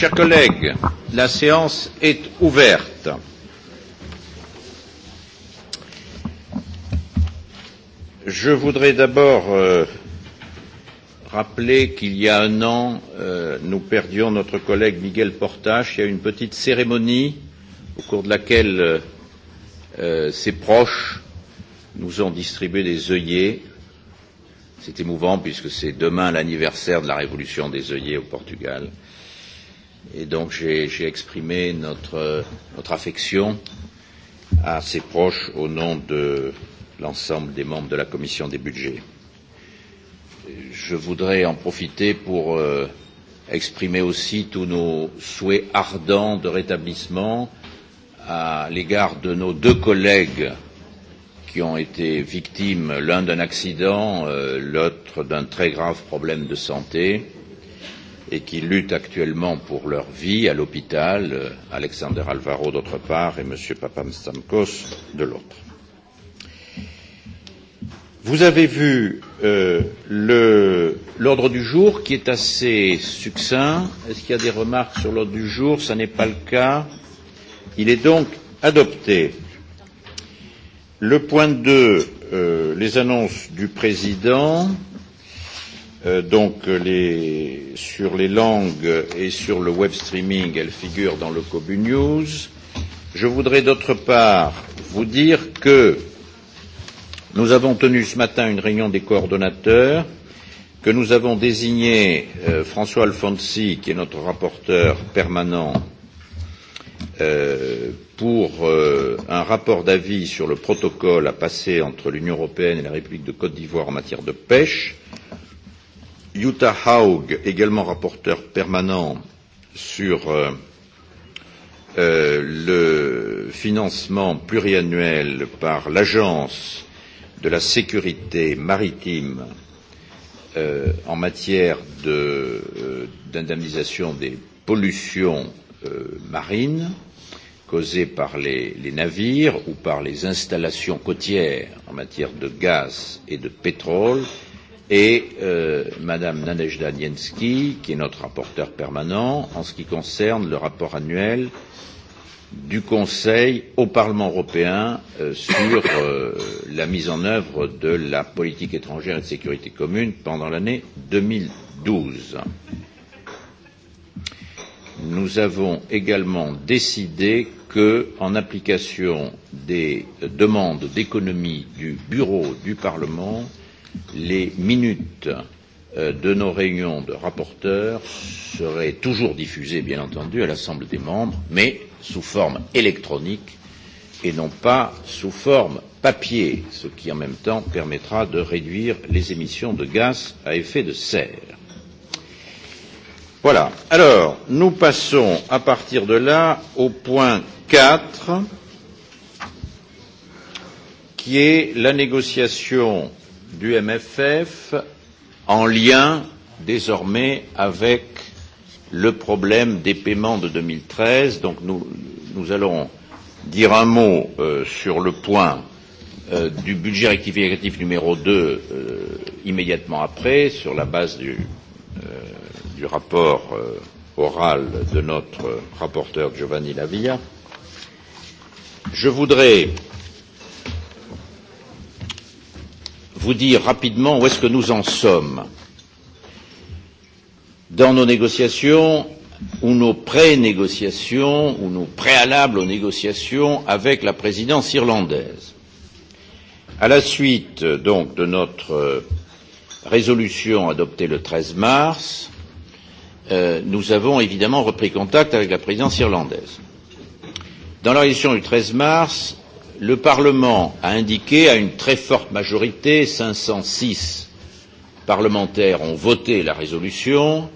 chers collègues, la séance est ouverte. Je voudrais d'abord euh, rappeler qu'il y a un an, euh, nous perdions notre collègue Miguel Portache. Il y a eu une petite cérémonie au cours de laquelle euh, euh ses proches nous ont distribué des œillets. C'est émouvant puisque c'est demain l'anniversaire de la révolution des œillets au Portugal. Euh, Et donc j'ai exprimé notre, notre affection à ses proches au nom de l'ensemble des membres de la commission des budgets. Je voudrais en profiter pour euh, exprimer aussi tous nos souhaits ardents de rétablissement à l'égard de nos deux collègues qui ont été victimes l'un d'un accident, euh, l'autre d'un très grave problème de santé et qui luttent actuellement pour leur vie à l'hôpital, euh, Alexander Alvaro d'autre part et M. Papamstamkos de l'autre. Vous avez vu euh, l'ordre du jour qui est assez succinct. Est-ce qu'il y a des remarques sur l'ordre du jour Ce n'est pas le cas. Il est donc adopté. Le point 2, euh, les annonces du président. Euh, donc les, sur les langues et sur le web streaming, elle figure dans le Cobu News. Je voudrais d'autre part vous dire que nous avons tenu ce matin une réunion des coordonnateurs, que nous avons désigné euh, François Alfonsi, qui est notre rapporteur permanent, euh, pour euh, un rapport d'avis sur le protocole à passer entre l'Union européenne et la République de Côte d'Ivoire en matière de pêche. Jutta Haug, également rapporteur permanent sur euh, euh, le financement pluriannuel par l'Agence de la sécurité maritime euh, en matière d'indemnisation de, euh, des pollutions euh, marines causées par les, les navires ou par les installations côtières en matière de gaz et de pétrole et euh, Madame Nadezhda Diensky, qui est notre rapporteur permanent, en ce qui concerne le rapport annuel du Conseil au Parlement européen euh, sur euh, la mise en œuvre de la politique étrangère et de sécurité commune pendant l'année 2012. Nous avons également décidé que, en application des demandes d'économie du Bureau du Parlement, les minutes euh, de nos réunions de rapporteurs seraient toujours diffusées, bien entendu, à l'Assemblée des membres, mais sous forme électronique et non pas sous forme papier, ce qui en même temps permettra de réduire les émissions de gaz à effet de serre. Voilà. Alors, nous passons à partir de là au point 4, qui est la négociation du MFF en lien désormais avec le problème des paiements de 2013. Donc nous, nous allons dire un mot euh, sur le point euh, du budget rectificatif numéro 2 euh, immédiatement après, sur la base du, euh, du rapport euh, oral de notre rapporteur Giovanni Lavia. Je voudrais euh, vous dire rapidement où est-ce que nous en sommes dans nos négociations ou nos pré-négociations ou nos préalables aux négociations avec la présidence irlandaise. À la suite donc de notre euh, résolution adoptée le 13 mars, euh, nous avons évidemment repris contact avec la présidence irlandaise. Dans la résolution du 13 mars, le Parlement a indiqué à une très forte majorité, 506 parlementaires ont voté la résolution,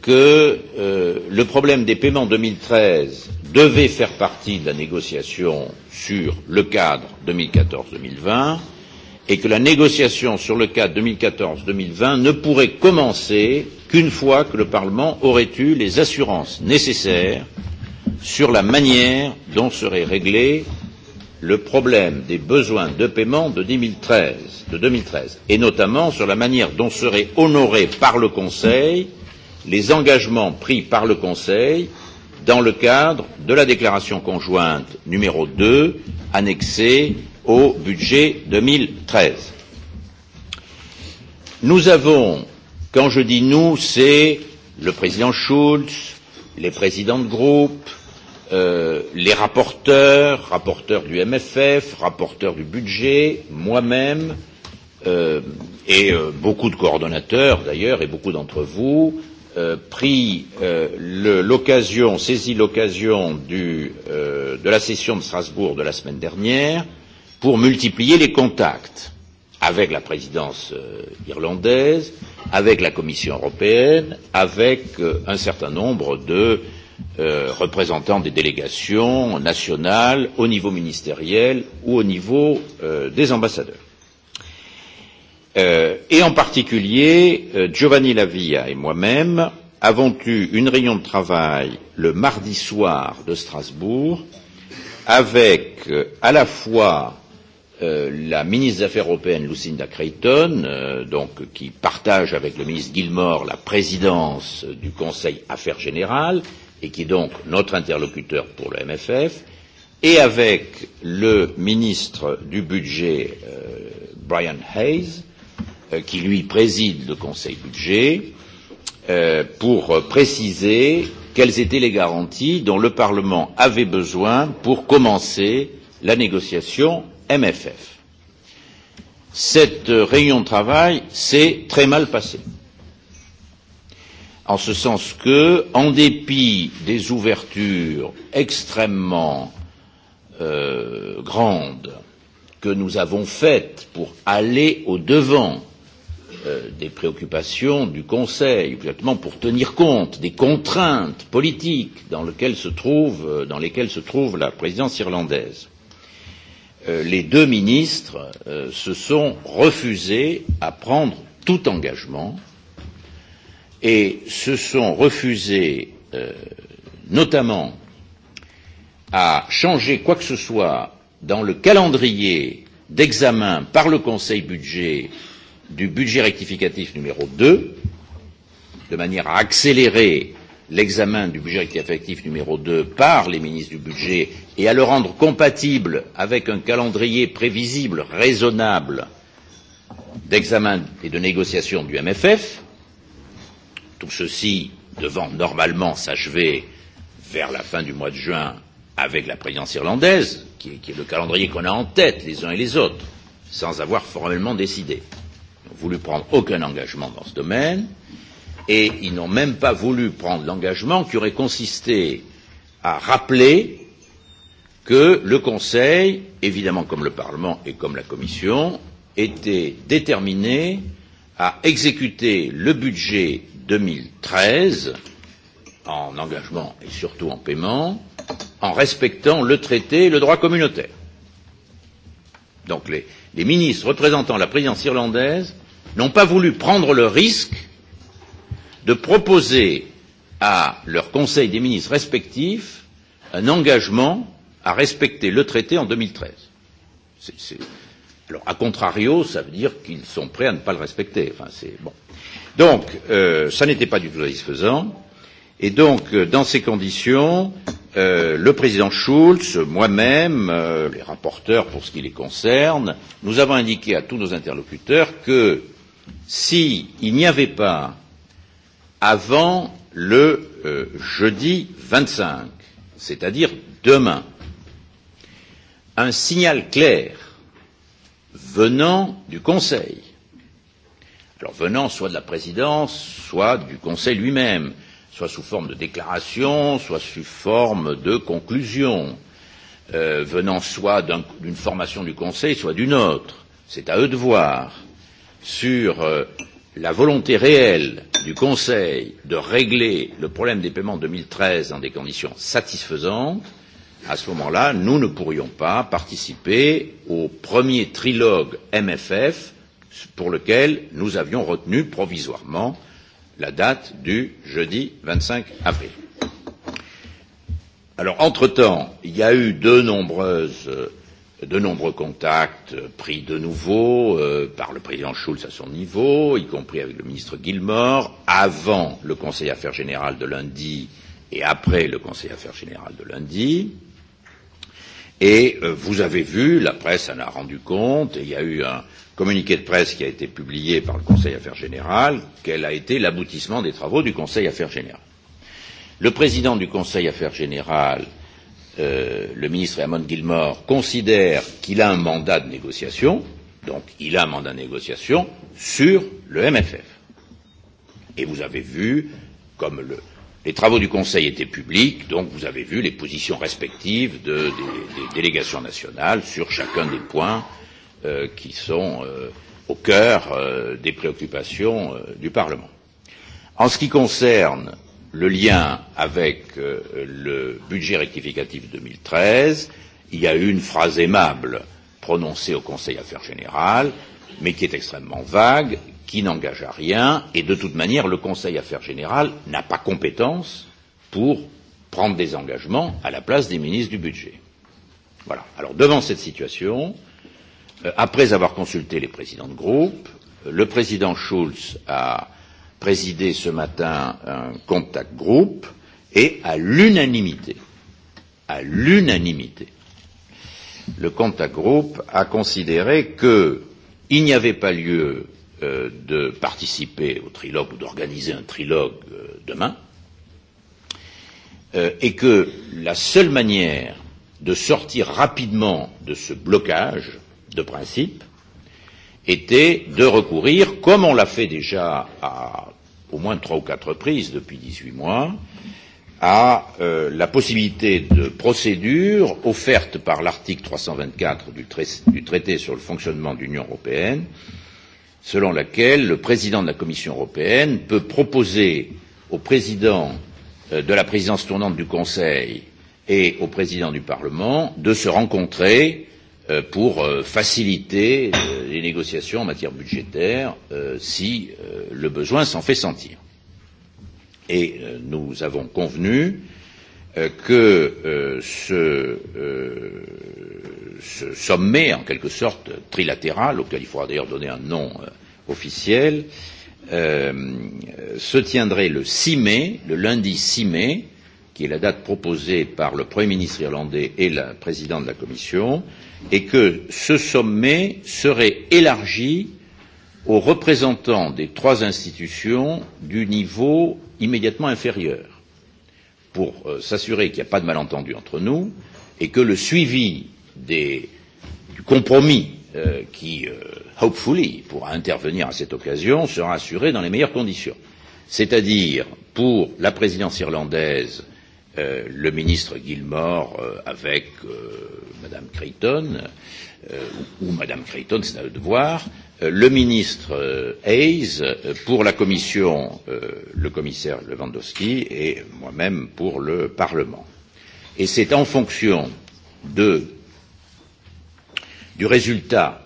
que euh, le problème des paiements 2013 devait faire partie de la négociation sur le cadre 2014-2020 et que la négociation sur le cadre 2014-2020 ne pourrait commencer qu'une fois que le Parlement aurait eu les assurances nécessaires sur la manière dont seraient réglées le problème des besoins de paiement de 2013, de 2013 et notamment sur la manière dont seraient honorés par le Conseil les engagements pris par le Conseil dans le cadre de la déclaration conjointe numéro 2 annexée au budget 2013. Nous avons, quand je dis nous, c'est le président Schulz, les présidents de groupe, Euh, les rapporteurs, rapporteurs du MFF, rapporteurs du budget, moi-même, euh, et euh, beaucoup de coordonnateurs d'ailleurs, et beaucoup d'entre vous, euh, pris euh, l'occasion, saisi l'occasion euh, de la session de Strasbourg de la semaine dernière pour multiplier les contacts avec la présidence euh, irlandaise, avec la Commission européenne, avec euh, un certain nombre de euh, Euh, représentants des délégations nationales au niveau ministériel ou au niveau euh, des ambassadeurs. Euh, et en particulier, euh, Giovanni Lavia et moi-même avons eu une réunion de travail le mardi soir de Strasbourg avec euh, à la fois euh, la ministre des Affaires européennes Lucinda Creighton, euh, donc, qui partage avec le ministre Gilmore la présidence du Conseil Affaires générales, et qui est donc notre interlocuteur pour le MFF, et avec le ministre du budget euh, Brian Hayes, euh, qui lui préside le Conseil budget, euh, pour préciser quelles étaient les garanties dont le Parlement avait besoin pour commencer la négociation MFF. Cette euh, réunion de travail s'est très mal passée en ce sens que, en dépit des ouvertures extrêmement euh, grandes que nous avons faites pour aller au devant euh, des préoccupations du Conseil, justement pour tenir compte des contraintes politiques dans lesquelles se trouve, euh, dans lesquelles se trouve la présidence irlandaise euh, les deux ministres euh, se sont refusés à prendre tout engagement et se sont refusés euh, notamment à changer quoi que ce soit dans le calendrier d'examen par le Conseil budget du budget rectificatif numéro 2, de manière à accélérer l'examen du budget rectificatif numéro 2 par les ministres du budget et à le rendre compatible avec un calendrier prévisible, raisonnable d'examen et de négociation du MFF, Tout ceci devant normalement s'achever vers la fin du mois de juin avec la présidence irlandaise, qui est, qui est le calendrier qu'on a en tête les uns et les autres, sans avoir formellement décidé. Ils n'ont voulu prendre aucun engagement dans ce domaine et ils n'ont même pas voulu prendre l'engagement qui aurait consisté à rappeler que le Conseil, évidemment comme le Parlement et comme la Commission, était déterminé à exécuter le budget 2013 en engagement et surtout en paiement en respectant le traité et le droit communautaire. Donc les, les ministres représentant la présidence irlandaise n'ont pas voulu prendre le risque de proposer à leur conseil des ministres respectifs un engagement à respecter le traité en 2013. C'est, c'est, Alors, a contrario, ça veut dire qu'ils sont prêts à ne pas le respecter. Enfin, c'est bon. Donc, euh, ça n'était pas du tout satisfaisant. Et donc, euh, dans ces conditions, euh, le président Schulz, moi-même, euh, les rapporteurs pour ce qui les concerne, nous avons indiqué à tous nos interlocuteurs que s'il si n'y avait pas, avant le euh, jeudi 25, c'est-à-dire demain, un signal clair venant du Conseil. Alors venant soit de la présidence, soit du Conseil lui-même, soit sous forme de déclaration, soit sous forme de conclusion, euh, venant soit d'une un, formation du Conseil, soit d'une autre. C'est à eux de voir sur euh, la volonté réelle du Conseil de régler le problème des paiements 2013 dans des conditions satisfaisantes, à ce moment-là, nous ne pourrions pas participer au premier trilogue MFF pour lequel nous avions retenu provisoirement la date du jeudi 25 avril. Alors, entre-temps, il y a eu de, nombreuses, de nombreux contacts pris de nouveau euh, par le président Schulz à son niveau, y compris avec le ministre Gilmore, avant le Conseil Affaires Générales de lundi et après le Conseil Affaires Générales de lundi. Et euh, vous avez vu, la presse en a rendu compte, et il y a eu un communiqué de presse qui a été publié par le Conseil Affaires Générales, quel a été l'aboutissement des travaux du Conseil Affaires Générales. Le président du Conseil Affaires Générales, euh, le ministre Herman Gilmore, considère qu'il a un mandat de négociation, donc il a un mandat de négociation sur le MFF. Et vous avez vu, comme le, Les travaux du Conseil étaient publics, donc vous avez vu les positions respectives de, des, des délégations nationales sur chacun des points euh, qui sont euh, au cœur euh, des préoccupations euh, du Parlement. En ce qui concerne le lien avec euh, le budget rectificatif 2013, il y a eu une phrase aimable prononcée au Conseil Affaires Générales, mais qui est extrêmement vague, qui n'engage à rien et de toute manière le Conseil Affaires Générales n'a pas compétence pour prendre des engagements à la place des ministres du budget. Voilà. Alors devant cette situation, euh, après avoir consulté les présidents de groupe, euh, le président Schulz a présidé ce matin un contact groupe et à l'unanimité, à l'unanimité, le contact groupe a considéré qu'il n'y avait pas lieu Euh, de participer au trilogue ou d'organiser un trilogue euh, demain, euh, et que la seule manière de sortir rapidement de ce blocage de principe était de recourir, comme on l'a fait déjà à au moins trois ou quatre reprises depuis 18 mois, à euh, la possibilité de procédure offerte par l'article 324 du, trai du traité sur le fonctionnement de l'Union européenne, euh, selon laquelle le président de la Commission européenne peut proposer au président euh, de la présidence tournante du Conseil et au président du Parlement de se rencontrer euh, pour euh, faciliter les négociations en matière budgétaire si le besoin s'en fait sentir. Et nous avons convenu que euh, ce, euh, ce sommet, en quelque sorte trilatéral, auquel il faudra d'ailleurs donner un nom euh, officiel, se tiendrait le 6 mai, le lundi 6 mai, qui est la date proposée par le Premier ministre irlandais et le président de la Commission, et que ce sommet serait élargi aux représentants des trois institutions du niveau immédiatement inférieur pour euh, s'assurer qu'il n'y a pas de malentendu entre nous et que le suivi des, du compromis euh, qui, euh, hopefully, pourra intervenir à cette occasion sera assuré dans les meilleures conditions. C'est-à-dire, pour la présidence irlandaise, euh, le ministre Gilmore euh, avec euh, Mme Creighton, euh, ou, ou Mme Creighton, c'est à le devoir. euh, Euh, le ministre euh, Hayes, euh, pour la Commission, le commissaire Lewandowski et moi-même pour le Parlement. Et c'est en fonction de, du résultat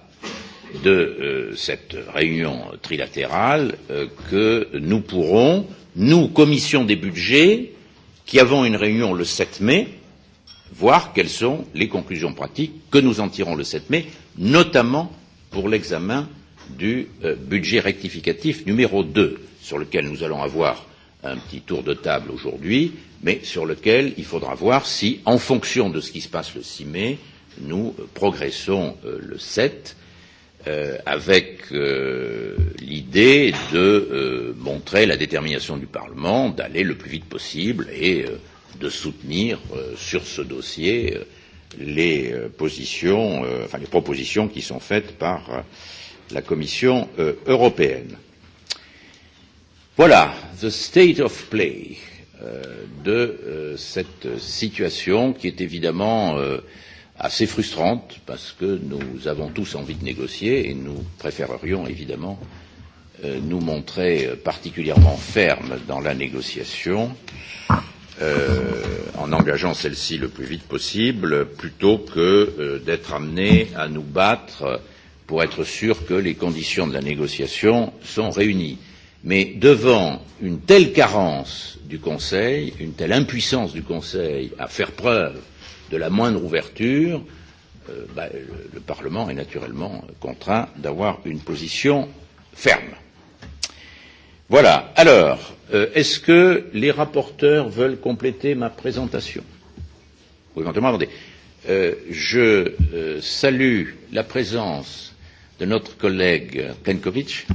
de euh, cette réunion trilatérale euh, que nous pourrons, nous, commission des budgets, qui avons une réunion le 7 mai, voir quelles sont les conclusions pratiques que nous en tirons le 7 mai, notamment pour l'examen du euh, budget rectificatif numéro 2, sur lequel nous allons avoir un petit tour de table aujourd'hui, mais sur lequel il faudra voir si, en fonction de ce qui se passe le 6 mai, nous progressons euh, le 7 euh, avec euh, l'idée de euh, montrer la détermination du Parlement d'aller le plus vite possible et euh, de soutenir euh, sur ce dossier euh, les, euh, positions, euh, enfin, les propositions qui sont faites par euh, la Commission euh, européenne. Voilà the state of play euh, de euh, cette situation qui est évidemment euh, assez frustrante parce que nous avons tous envie de négocier et nous préférerions évidemment euh, nous montrer particulièrement fermes dans la négociation euh, en engageant celle-ci le plus vite possible plutôt que euh, d'être amenés à nous battre euh, pour être sûr que les conditions de la négociation sont réunies. Mais devant une telle carence du Conseil, une telle impuissance du Conseil à faire preuve de la moindre ouverture, euh, bah, le, le Parlement est naturellement contraint d'avoir une position ferme. Voilà. Alors, euh, est-ce que les rapporteurs veulent compléter ma présentation Ou éventuellement, attendez. Euh, je euh, salue la présence de notre collègue Plenkovic.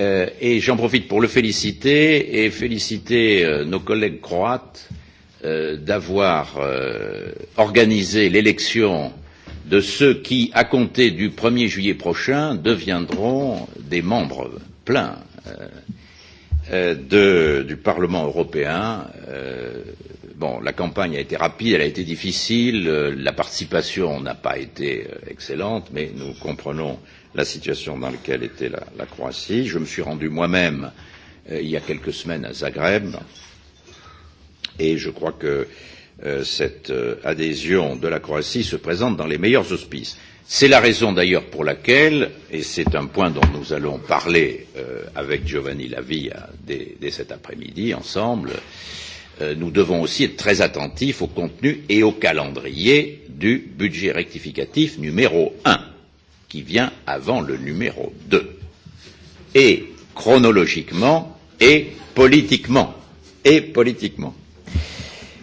Euh, et j'en profite pour le féliciter et féliciter euh, nos collègues croates euh, d'avoir euh, organisé l'élection de ceux qui, à compter du 1er juillet prochain, deviendront des membres pleins euh, euh de, du Parlement européen. Euh, bon, la campagne a été rapide, elle a été difficile, euh, la participation n'a pas été euh, excellente, mais nous comprenons la situation dans laquelle était la, la Croatie. Je me suis rendu moi-même euh, il y a quelques semaines à Zagreb et je crois que euh, cette euh, adhésion de la Croatie se présente dans les meilleurs auspices. C'est la raison d'ailleurs pour laquelle, et c'est un point dont nous allons parler euh, avec Giovanni Lavia dès, dès cet après-midi ensemble, euh, Euh, nous devons aussi être très attentifs au contenu et au calendrier du budget rectificatif numéro 1, qui vient avant le numéro 2, et chronologiquement et politiquement. Et politiquement.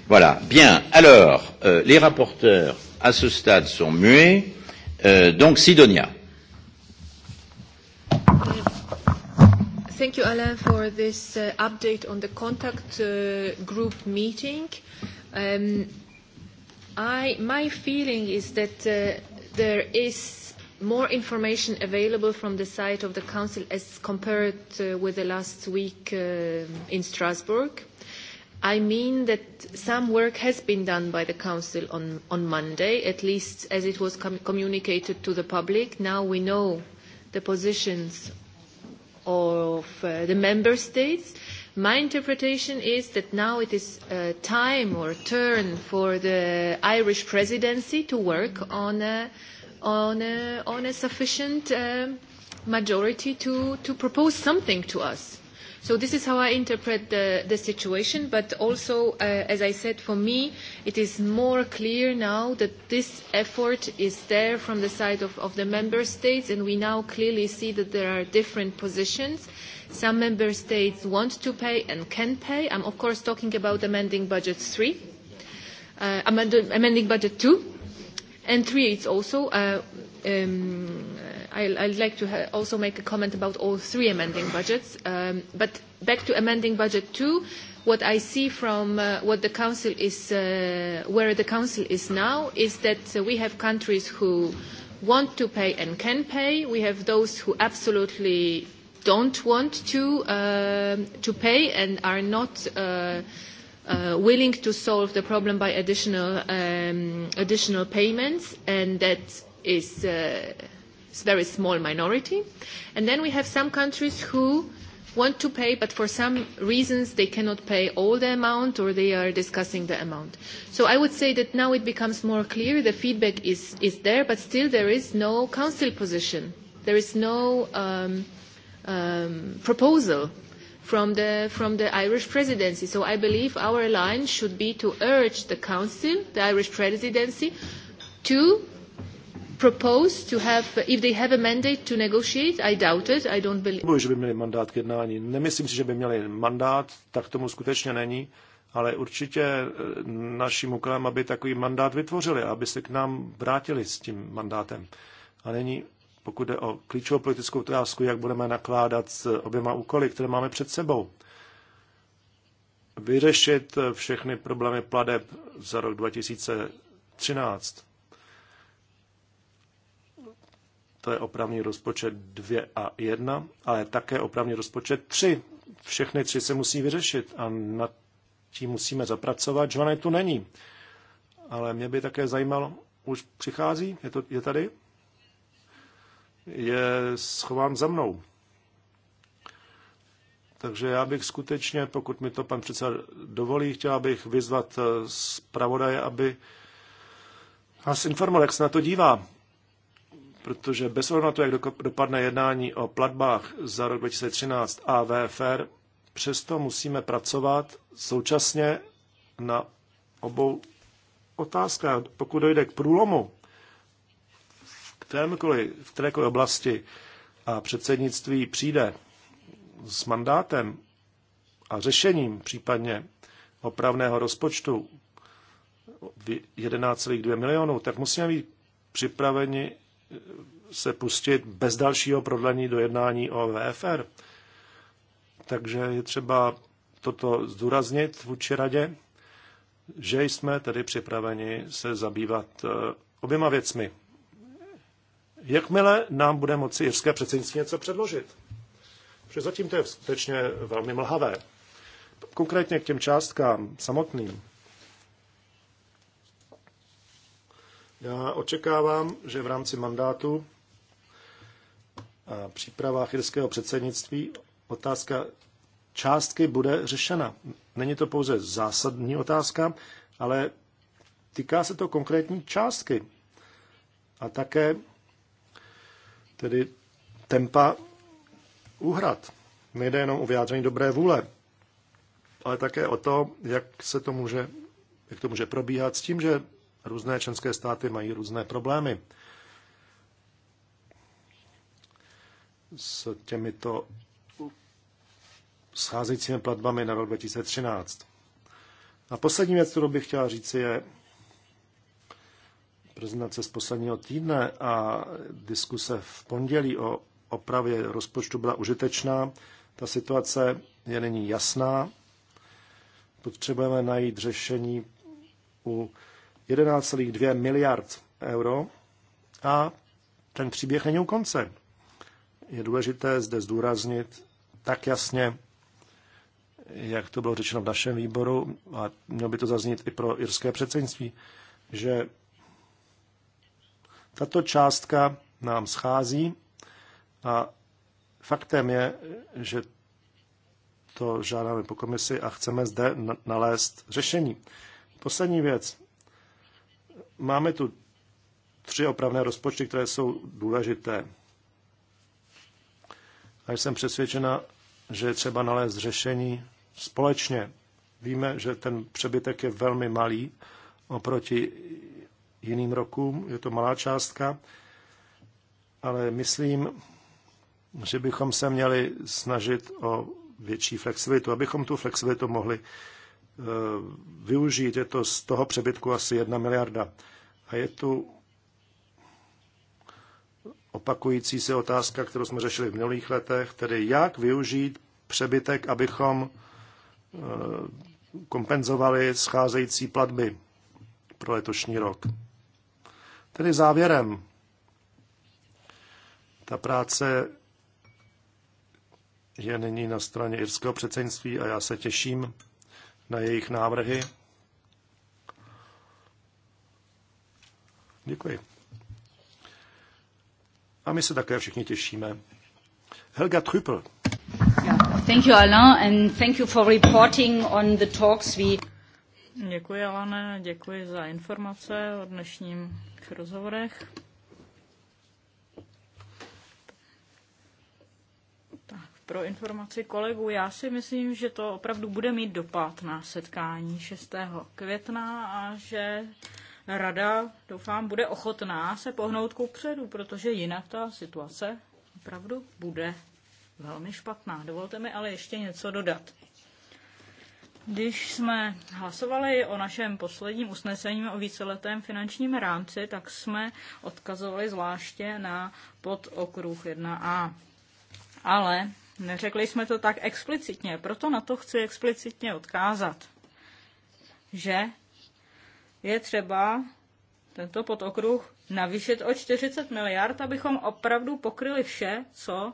Voilà. Bien. Alors, euh, les rapporteurs à ce stade sont muets. Euh, donc, Sidonia. Thank you, Alain, for this uh, update on the contact uh, group meeting. Um, my feeling is that uh, there is more information available from the side of the Council as compared with the last week um, in Strasbourg. I mean that some work has been done by the Council on, Monday, at least as it was communicated to the public. Now we know the positions of uh, the member states. My interpretation is that now it is uh, time or turn for the Irish presidency to work on a, on a, on a sufficient um, majority to, to propose something to us So this is how I interpret the, the situation, but also, uh, as I said, for me, it is more clear now that this effort is there from the side of, of the member states, and we now clearly see that there are different positions. Some member states want to pay and can pay. I'm, of course, talking about amending budget three, uh, amend, amending budget two, and three it's also... Uh, um, I'd like to also make a comment about all three amending budgets. Um, but back to amending budget two, what I see from uh, what the council is, uh, where the council is now, is that uh, we have countries who want to pay and can pay. We have those who absolutely don't want to uh, to pay and are not. Uh, Uh, willing to solve the problem by additional um, additional payments, and that is uh, It's a very small minority. And then we have some countries who want to pay, but for some reasons they cannot pay all the amount or they are discussing the amount. So I would say that now it becomes more clear, the feedback is, is there, but still there is no council position. There is no um, um, proposal from the, from the Irish presidency. So I believe our line should be to urge the council, the Irish presidency, to propose to have, if they have a mandate to negotiate, I doubt it, I don't believe. Nemluví, že by měli mandát k jednání. Nemyslím si, že by měli mandát, tak tomu skutečně není, ale určitě eh, naším úkolem, aby takový mandát vytvořili, aby se k nám vrátili s tím mandátem. A není, pokud jde o klíčovou politickou otázku, jak budeme nakládat s oběma úkoly, které máme před sebou. Vyřešit eh, všechny problémy pladeb za rok 2013 to je opravný rozpočet 2 a 1, ale také opravný rozpočet 3. Všechny tři se musí vyřešit a nad tím musíme zapracovat. Joana tu není. Ale mě by také zajímalo, už přichází, je, to, je tady? Je schován za mnou. Takže já bych skutečně, pokud mi to pan předseda dovolí, chtěla bych vyzvat eh, zpravodaje, aby nás informoval, jak se na to dívá protože bez ohledu na to, jak dopadne jednání o platbách za rok 2013 a VFR, přesto musíme pracovat současně na obou otázkách. Pokud dojde k průlomu v kterémkoliv, v kterékoliv oblasti a předsednictví přijde s mandátem a řešením případně opravného rozpočtu 11,2 milionů, tak musíme být připraveni se pustit bez dalšího prodlení do jednání o VFR. Takže je třeba toto zdůraznit vůči radě, že jsme tedy připraveni se zabývat eh, oběma věcmi. Jakmile nám bude moci jirské předsednictví něco předložit? Protože zatím to je skutečně velmi mlhavé. Konkrétně k těm částkám samotným. Já očekávám, že v rámci mandátu a příprava chyrského předsednictví otázka částky bude řešena. Není to pouze zásadní otázka, ale týká se to konkrétní částky a také tedy tempa úhrad. Nejde jenom o vyjádření dobré vůle, ale také o to, jak se to může, jak to může probíhat s tím, že různé členské státy mají různé problémy s těmito scházejícími platbami na rok 2013. A poslední věc, kterou bych chtěla říci, je prezentace z posledního týdne a diskuse v pondělí o opravě rozpočtu byla užitečná. Ta situace je není jasná. Potřebujeme najít řešení u 11,2 miliard euro a ten příběh není u konce. Je důležité zde zdůraznit tak jasně, jak to bylo řečeno v našem výboru, a mělo by to zaznít i pro irské předsednictví, že tato částka nám schází a faktem je, že to žádáme po komisi a chceme zde nalézt řešení. Poslední věc. Máme tu tři opravné rozpočty, které jsou důležité. A jsem přesvědčena, že je třeba nalézt řešení společně. Víme, že ten přebytek je velmi malý oproti jiným rokům, je to malá částka, ale myslím, že bychom se měli snažit o větší flexibilitu, abychom tu flexibilitu mohli Eh, využít. Je to z toho přebytku asi jedna miliarda. A je tu opakující se otázka, kterou jsme řešili v minulých letech, tedy jak využít přebytek, abychom eh, kompenzovali scházející platby pro letošní rok. Tedy závěrem, ta práce je nyní na straně irského předsednictví a já se těším na jejich návrhy. Děkuji. A my se také všichni těšíme. Helga Trüppel. Thank you, Alain, and thank you for reporting on the talks we... Děkuji, Alane, děkuji za informace o dnešním rozhovorech. pro informaci kolegů. Já si myslím, že to opravdu bude mít dopad na setkání 6. května a že rada, doufám, bude ochotná se pohnout ku předu, protože jinak ta situace opravdu bude velmi špatná. Dovolte mi ale ještě něco dodat. Když jsme hlasovali o našem posledním usnesení o víceletém finančním rámci, tak jsme odkazovali zvláště na podokruh 1a. Ale Neřekli jsme to tak explicitně, proto na to chci explicitně odkázat, že je třeba tento podokruh navýšit o 40 miliard, abychom opravdu pokryli vše, co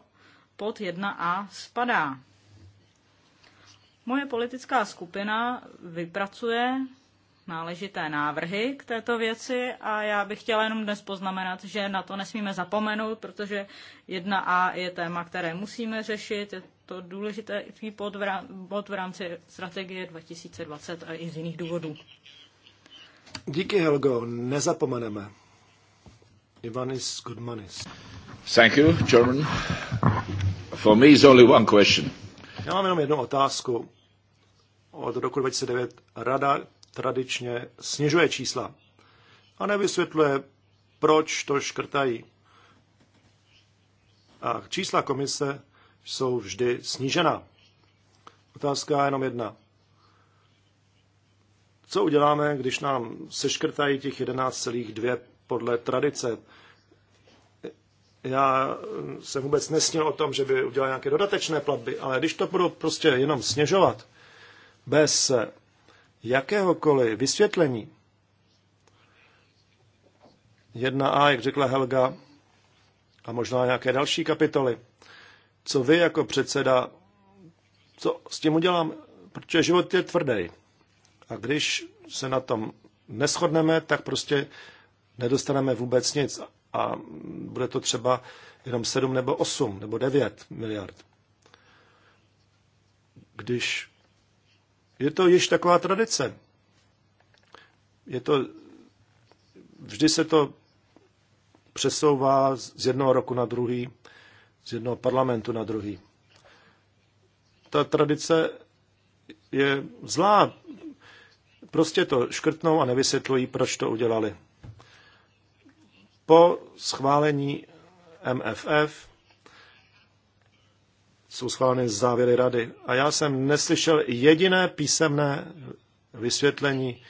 pod 1A spadá. Moje politická skupina vypracuje náležité návrhy k této věci a já bych chtěla jenom dnes poznamenat, že na to nesmíme zapomenout, protože 1A je téma, které musíme řešit, je to důležitý bod v rámci strategie 2020 a i z jiných důvodů. Díky Helgo, nezapomeneme. Ivanis Goodmanis. Thank you, German. For me is only one question. Já mám jenom jednu otázku. Od roku 2009 Rada tradičně snižuje čísla a nevysvětluje, proč to škrtají. A čísla komise jsou vždy snížena. Otázka je jenom jedna. Co uděláme, když nám seškrtají těch 11,2 podle tradice? Já jsem vůbec nesnil o tom, že by udělali nějaké dodatečné platby, ale když to budou prostě jenom sněžovat bez jakéhokoliv vysvětlení jedna a jak řekla Helga, a možná nějaké další kapitoly, co vy jako předseda, co s tím udělám, protože život je tvrdý. A když se na tom neschodneme, tak prostě nedostaneme vůbec nic a bude to třeba jenom 7 nebo 8 nebo 9 miliard. Když je to již taková tradice. Je to, vždy se to přesouvá z jednoho roku na druhý, z jednoho parlamentu na druhý. Ta tradice je zlá. Prostě to škrtnou a nevysvětlují, proč to udělali. Po schválení MFF jsou schváleny závěry rady. A já jsem neslyšel jediné písemné vysvětlení,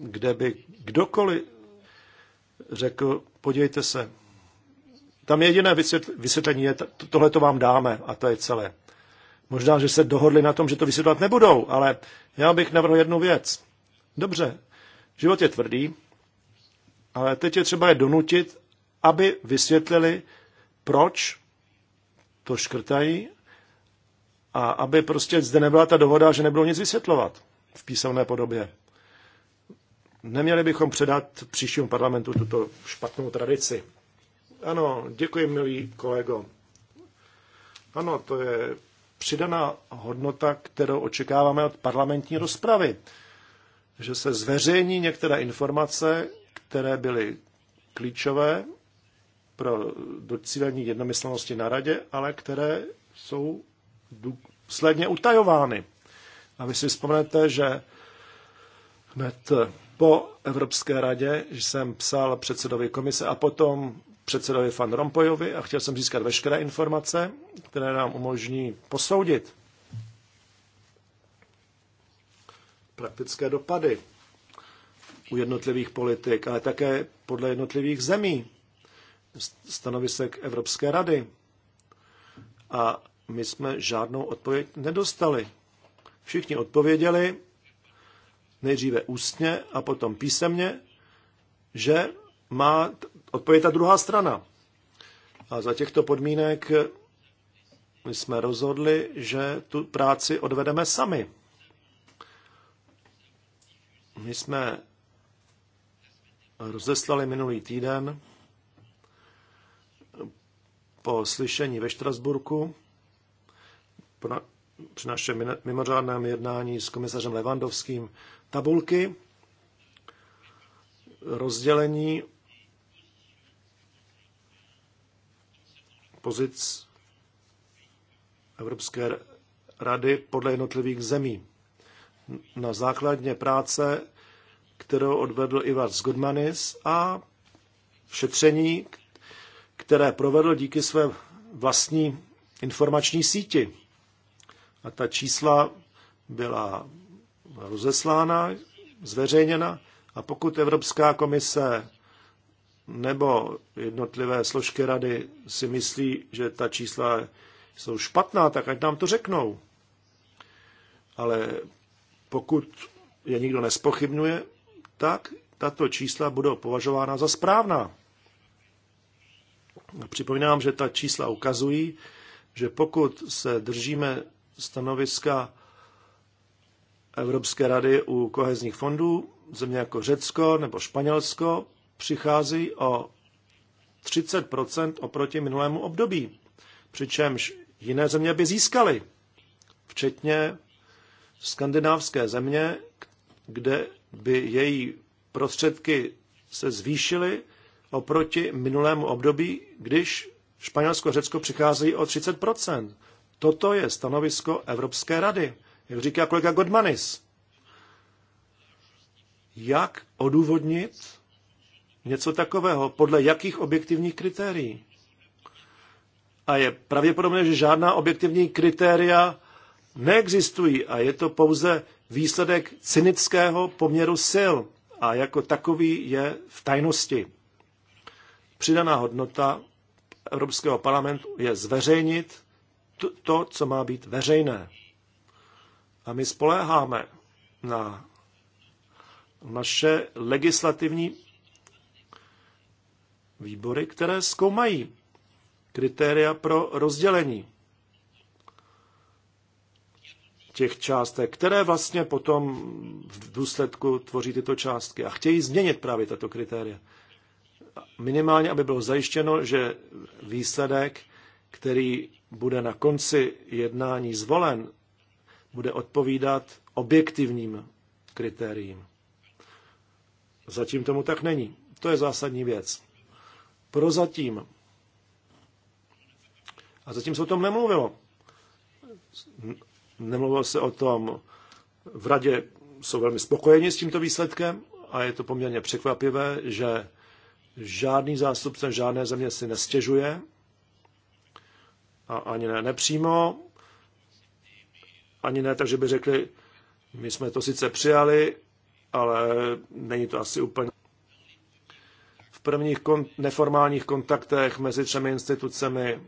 kde by kdokoliv řekl, podívejte se, tam jediné vysvětlení je, tohle to vám dáme a to je celé. Možná, že se dohodli na tom, že to vysvětlovat nebudou, ale já bych navrhl jednu věc. Dobře, život je tvrdý, ale teď je třeba je donutit, aby vysvětlili, proč to škrtají a aby prostě zde nebyla ta dohoda, že nebylo nic vysvětlovat v písemné podobě. Neměli bychom předat příštímu parlamentu tuto špatnou tradici. Ano, děkuji, milý kolego. Ano, to je přidaná hodnota, kterou očekáváme od parlamentní rozpravy. Že se zveřejní některé informace, které byly klíčové pro docílení jednomyslnosti na radě, ale které jsou důsledně utajovány. A vy si vzpomenete, že hned po Evropské radě jsem psal předsedovi komise a potom předsedovi Van Rompojovi a chtěl jsem získat veškeré informace, které nám umožní posoudit praktické dopady u jednotlivých politik, ale také podle jednotlivých zemí stanovisek Evropské rady. A my jsme žádnou odpověď nedostali. Všichni odpověděli, nejdříve ústně a potom písemně, že má odpověď ta druhá strana. A za těchto podmínek my jsme rozhodli, že tu práci odvedeme sami. My jsme rozeslali minulý týden po slyšení ve Štrasburku, při našem mimořádném jednání s komisařem Levandovským, tabulky, rozdělení pozic Evropské rady podle jednotlivých zemí. Na základně práce, kterou odvedl Ivar Zgodmanis a šetření, které provedl díky své vlastní informační síti. A ta čísla byla rozeslána, zveřejněna a pokud Evropská komise nebo jednotlivé složky rady si myslí, že ta čísla jsou špatná, tak ať nám to řeknou. Ale pokud je nikdo nespochybnuje, tak tato čísla budou považována za správná. Připomínám, že ta čísla ukazují, že pokud se držíme stanoviska Evropské rady u kohezních fondů, země jako Řecko nebo Španělsko přichází o 30 oproti minulému období, přičemž jiné země by získaly, včetně skandinávské země, kde by její prostředky se zvýšily oproti minulému období, když Španělsko a Řecko přicházejí o 30 Toto je stanovisko Evropské rady, jak říká kolega Godmanis. Jak odůvodnit něco takového? Podle jakých objektivních kritérií? A je pravděpodobné, že žádná objektivní kritéria neexistují a je to pouze výsledek cynického poměru sil a jako takový je v tajnosti přidaná hodnota Evropského parlamentu je zveřejnit to, co má být veřejné. A my spoléháme na naše legislativní výbory, které zkoumají kritéria pro rozdělení těch částek, které vlastně potom v důsledku tvoří tyto částky a chtějí změnit právě tato kritéria minimálně, aby bylo zajištěno, že výsledek, který bude na konci jednání zvolen, bude odpovídat objektivním kritériím. Zatím tomu tak není. To je zásadní věc. Prozatím. A zatím se o tom nemluvilo. Nemluvilo se o tom. V radě jsou velmi spokojeni s tímto výsledkem a je to poměrně překvapivé, že žádný zástupce žádné země si nestěžuje, a ani ne nepřímo, ani ne tak, že by řekli, my jsme to sice přijali, ale není to asi úplně. V prvních kon- neformálních kontaktech mezi třemi institucemi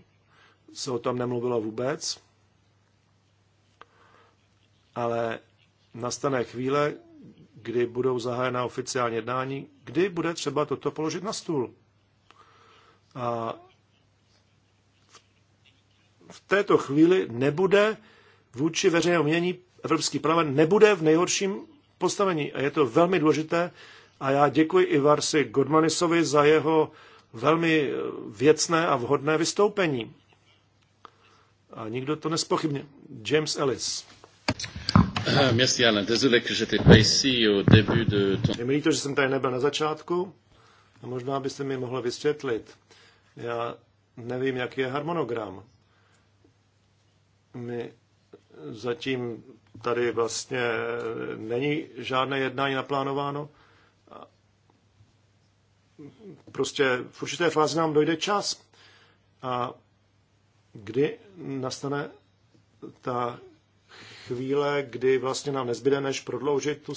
se o tom nemluvilo vůbec, ale nastane chvíle, kdy budou zahájena oficiální jednání, kdy bude třeba toto položit na stůl. A v této chvíli nebude vůči veřejného mění Evropský parlament nebude v nejhorším postavení. A je to velmi důležité. A já děkuji Ivarsi Godmanisovi za jeho velmi věcné a vhodné vystoupení. A nikdo to nespochybně. James Ellis. Je mi líto, že jsem tady nebyl na začátku a možná byste mi mohla vysvětlit. Já nevím, jaký je harmonogram. My zatím tady vlastně není žádné jednání naplánováno. Prostě v určité fázi nám dojde čas. A kdy nastane ta chvíle, kdy vlastně nám nezbyde, než prodloužit tu,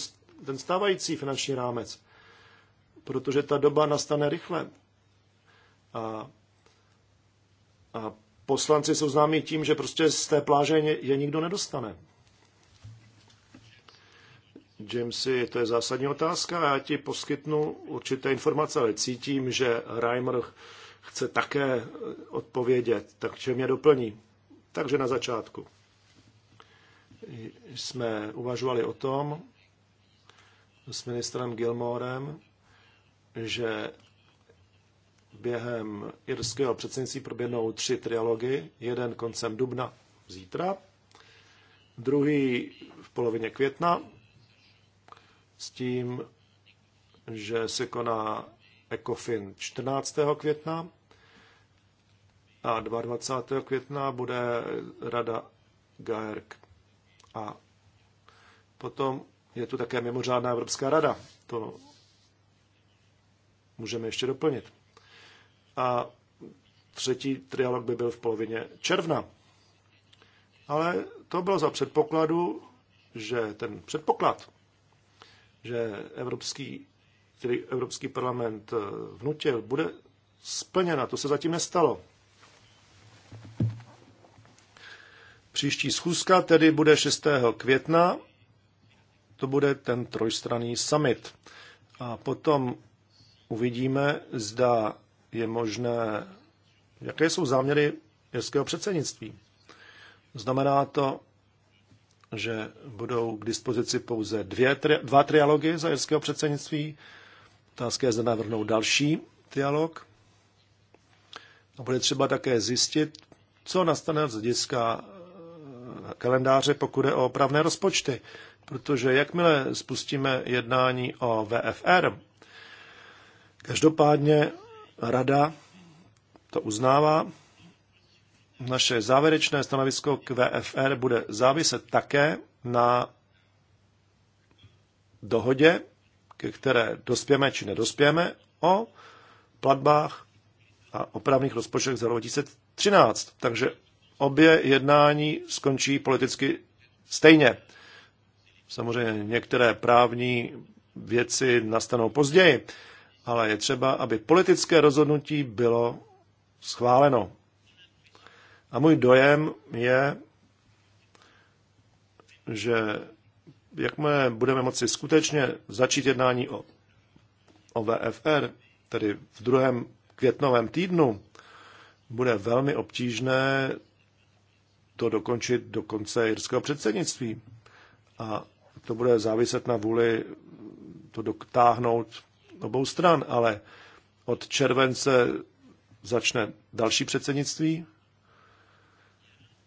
ten stávající finanční rámec. Protože ta doba nastane rychle. A, a poslanci jsou známí tím, že prostě z té pláže je nikdo nedostane. Jamesy, to je zásadní otázka. Já ti poskytnu určité informace, ale cítím, že Reimer chce také odpovědět, takže mě doplní. Takže na začátku jsme uvažovali o tom s ministrem Gilmorem, že během irského předsednictví proběhnou tři trialogy, jeden koncem dubna zítra, druhý v polovině května, s tím, že se koná ECOFIN 14. května a 22. května bude Rada GAERK a potom je tu také mimořádná Evropská rada. To můžeme ještě doplnit. A třetí trialog by byl v polovině června. Ale to bylo za předpokladu, že ten předpoklad, že Evropský, který Evropský parlament vnutil, bude splněna. To se zatím nestalo. Příští schůzka tedy bude 6. května, to bude ten trojstranný summit. A potom uvidíme, zda je možné, jaké jsou záměry jirského předsednictví. Znamená to, že budou k dispozici pouze dvě, tri, dva trialogy za jirského předsednictví. Otázka je, zda navrhnou další dialog. A bude třeba také zjistit, co nastane z hlediska kalendáře, pokud je o opravné rozpočty. Protože jakmile spustíme jednání o VFR, každopádně rada to uznává, naše závěrečné stanovisko k VFR bude záviset také na dohodě, ke které dospěme či nedospěme, o platbách a opravných rozpočtech za 2013. Takže obě jednání skončí politicky stejně. Samozřejmě některé právní věci nastanou později, ale je třeba, aby politické rozhodnutí bylo schváleno. A můj dojem je, že jakmile budeme moci skutečně začít jednání o, o VFR, tedy v druhém květnovém týdnu, bude velmi obtížné to dokončit do konce jirského předsednictví. A to bude záviset na vůli to dotáhnout obou stran, ale od července začne další předsednictví,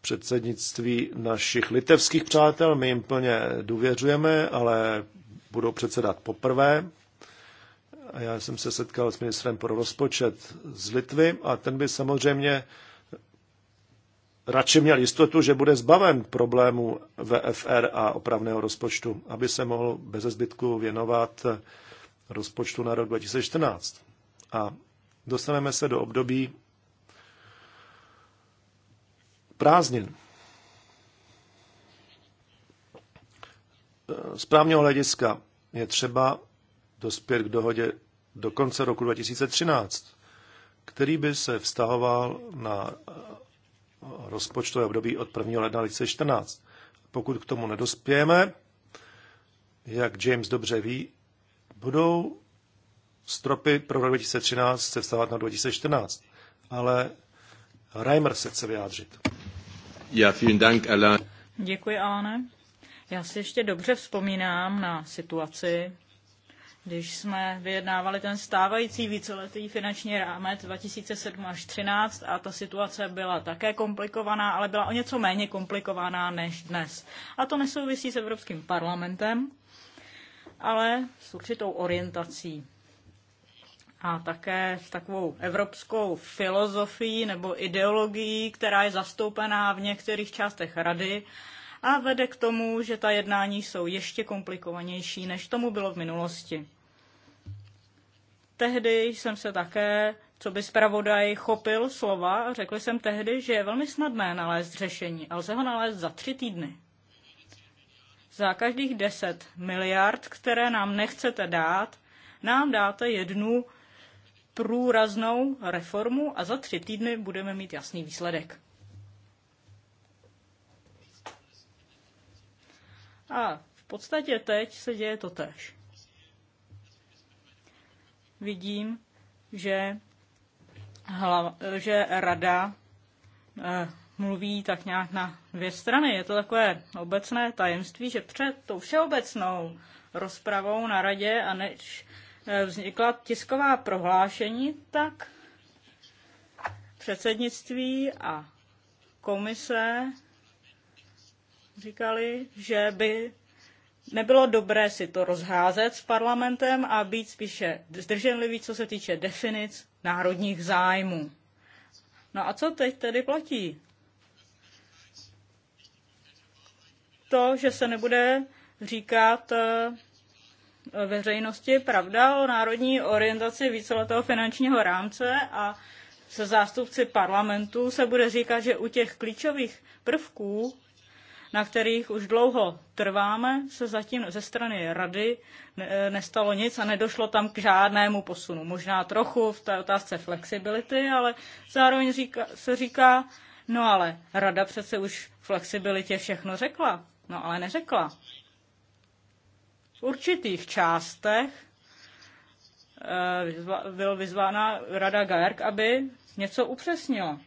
předsednictví našich litevských přátel. My jim plně důvěřujeme, ale budou předsedat poprvé. A já jsem se setkal s ministrem pro rozpočet z Litvy a ten by samozřejmě radši měl jistotu, že bude zbaven problému VFR a opravného rozpočtu, aby se mohl bez zbytku věnovat rozpočtu na rok 2014. A dostaneme se do období prázdnin. Z právního hlediska je třeba dospět k dohodě do konce roku 2013, který by se vztahoval na rozpočtové období od 1. ledna 2014. Pokud k tomu nedospějeme, jak James dobře ví, budou stropy pro rok 2013 se vstávat na 2014. Ale Reimer se chce vyjádřit. Ja, Dank, Alain. Děkuji, Alane. Já si ještě dobře vzpomínám na situaci, když jsme vyjednávali ten stávající víceletý finanční rámec 2007 až 2013 a ta situace byla také komplikovaná, ale byla o něco méně komplikovaná než dnes. A to nesouvisí s Evropským parlamentem, ale s určitou orientací a také s takovou evropskou filozofií nebo ideologií, která je zastoupená v některých částech rady a vede k tomu, že ta jednání jsou ještě komplikovanější, než tomu bylo v minulosti tehdy jsem se také, co by zpravodaj, chopil slova a řekl jsem tehdy, že je velmi snadné nalézt řešení a lze ho nalézt za tři týdny. Za každých 10 miliard, které nám nechcete dát, nám dáte jednu průraznou reformu a za tři týdny budeme mít jasný výsledek. A v podstatě teď se děje to tež vidím, že, hla, že rada eh, mluví tak nějak na dvě strany. Je to takové obecné tajemství, že před tou všeobecnou rozpravou na radě a než eh, vznikla tisková prohlášení, tak předsednictví a komise říkali, že by nebylo dobré si to rozházet s parlamentem a být spíše zdrženlivý, co se týče definic národních zájmů. No a co teď tedy platí? To, že se nebude říkat eh, veřejnosti pravda o národní orientaci víceletého finančního rámce a se zástupci parlamentu se bude říkat, že u těch klíčových prvků na kterých už dlouho trváme, se zatím ze strany rady nestalo nic a nedošlo tam k žádnému posunu. Možná trochu v té otázce flexibility, ale zároveň říká, se říká, no ale rada přece už flexibilitě všechno řekla. No ale neřekla. V určitých částech eh, byl vyzvána Rada Gajerk, aby něco upřesnila.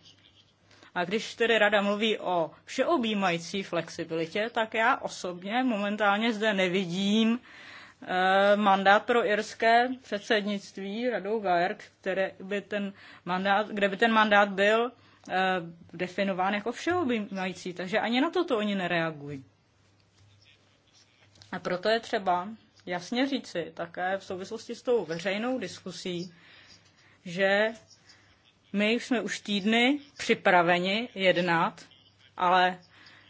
A když tedy rada mluví o všeobjímající flexibilitě, tak já osobně momentálně zde nevidím eh, mandát pro irské předsednictví radou GAER, které by ten mandát, kde by ten mandát byl eh, definován jako všeobjímající, takže ani na toto oni nereagují. A proto je třeba jasně říci také v souvislosti s tou veřejnou diskusí, že my jsme už týdny připraveni jednat, ale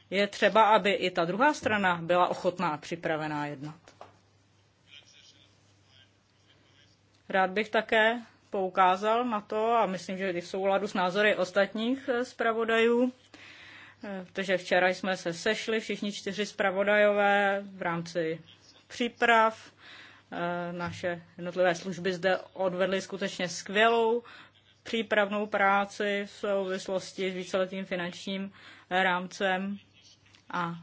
je třeba, aby i ta druhá strana byla ochotná připravená jednat. Rád bych také poukázal na to, a myslím, že i v souladu s názory ostatních eh, zpravodajů, eh, protože včera jsme se sešli všichni čtyři zpravodajové v rámci příprav. Eh, Naše jednotlivé služby zde odvedly skutečně skvělou přípravnou práci v souvislosti s víceletým finančním rámcem a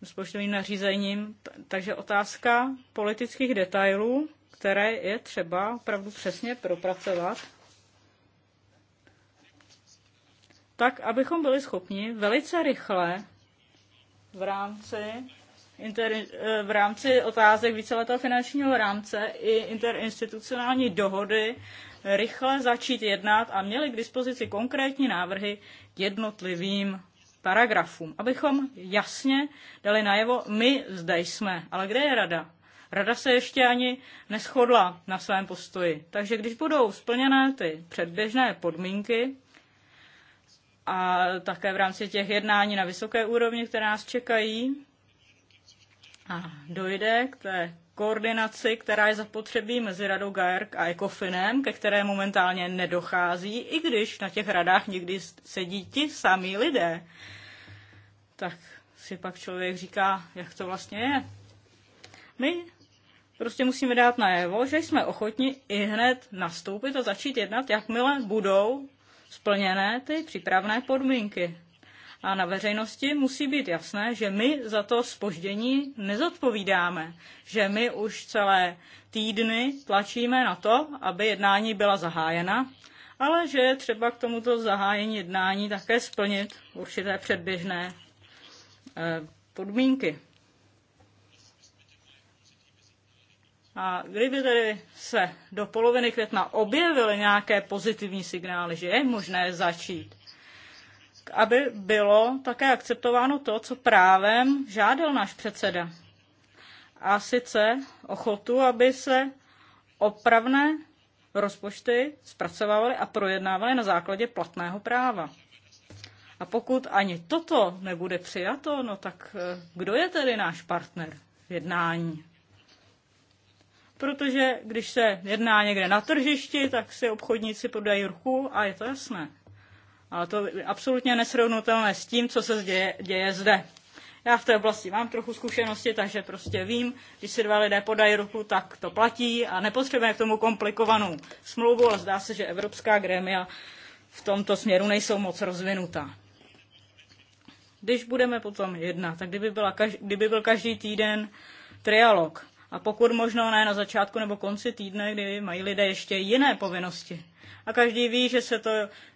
rozpočtovým nařízením. Takže otázka politických detailů, které je třeba opravdu přesně propracovat, tak abychom byli schopni velice rychle v rámci, inter, eh, v rámci otázek víceletého finančního rámce i interinstitucionální dohody rychle začít jednat a měli k dispozici konkrétní návrhy k jednotlivým paragrafům, abychom jasně dali najevo, my zde jsme, ale kde je rada? Rada se ještě ani neschodla na svém postoji. Takže když budou splněné ty předběžné podmínky a také v rámci těch jednání na vysoké úrovni, které nás čekají, a dojde k té koordinaci, která je zapotřebí mezi radou GAERK a ECOFINem, ke které momentálně nedochází, i když na těch radách někdy sedí ti samí lidé. Tak si pak člověk říká, jak to vlastně je. My prostě musíme dát najevo, že jsme ochotni i hned nastoupit a začít jednat, jakmile budou splněné ty přípravné podmínky. A na veřejnosti musí být jasné, že my za to spoždění nezodpovídáme, že my už celé týdny tlačíme na to, aby jednání byla zahájena, ale že je třeba k tomuto zahájení jednání také splnit určité předběžné eh, podmínky. A kdyby tedy se do poloviny května objevily nějaké pozitivní signály, že je možné začít, aby bylo také akceptováno to, co právem žádal náš předseda. A sice ochotu, aby se opravné rozpočty zpracovávaly a projednávaly na základě platného práva. A pokud ani toto nebude přijato, no tak eh, kdo je tedy náš partner v jednání? Protože když se jedná někde na tržišti, tak si obchodníci podají ruku a je to jasné. Ale to je absolutně nesrovnatelné s tím, co se děje, děje zde. Já v té oblasti mám trochu zkušenosti, takže prostě vím, když si dva lidé podají ruku, tak to platí a nepotřebujeme k tomu komplikovanou smlouvu, ale zdá se, že evropská grémia v tomto směru nejsou moc rozvinutá. Když budeme potom jednat, tak kdyby, byla každý, kdyby byl každý týden trialog, a pokud možno ne na začátku nebo konci týdne, kdy mají lidé ještě jiné povinnosti, a každý ví, že se to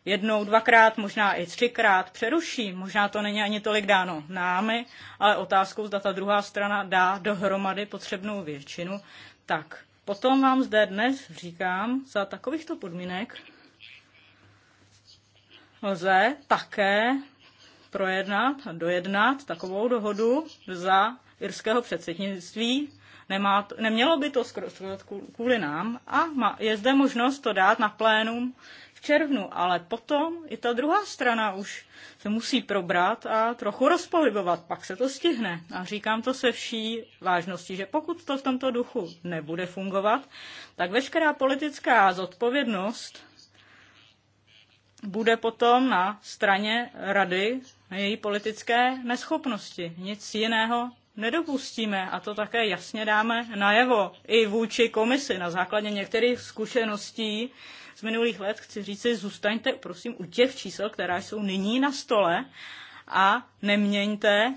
jednou, dvakrát, možná i třikrát přeruší. Možná to není ani tolik dáno námi, ale otázkou, zda ta druhá strana dá dohromady potřebnou většinu. Tak, potom vám zde dnes říkám, za takovýchto podmínek lze také projednat a dojednat takovou dohodu za irského předsednictví Nemá to, nemělo by to zkrotovat kvůli nám a má, je zde možnost to dát na plénum v červnu, ale potom i ta druhá strana už se musí probrat a trochu rozpohybovat, pak se to stihne. A říkám to se vší vážností, že pokud to v tomto duchu nebude fungovat, tak veškerá politická zodpovědnost bude potom na straně rady na její politické neschopnosti. Nic jiného nedopustíme a to také jasně dáme najevo i vůči komisi na základě některých zkušeností z minulých let. Chci říci, zůstaňte prosím u těch čísel, která jsou nyní na stole a neměňte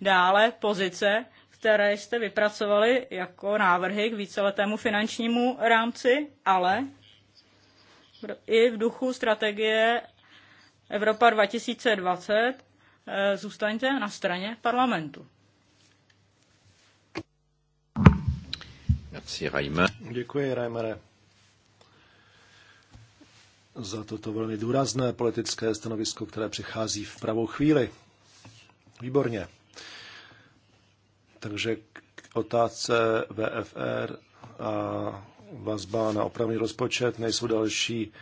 dále pozice, které jste vypracovali jako návrhy k víceletému finančnímu rámci, ale i v duchu strategie Evropa 2020 eh, zůstaňte na straně parlamentu. Grazie, Reimer. Děkuji, za toto velmi důrazné politické stanovisko, které přichází v pravou chvíli. Výborně. Takže k otázce VFR a vazba na opravný rozpočet nejsou další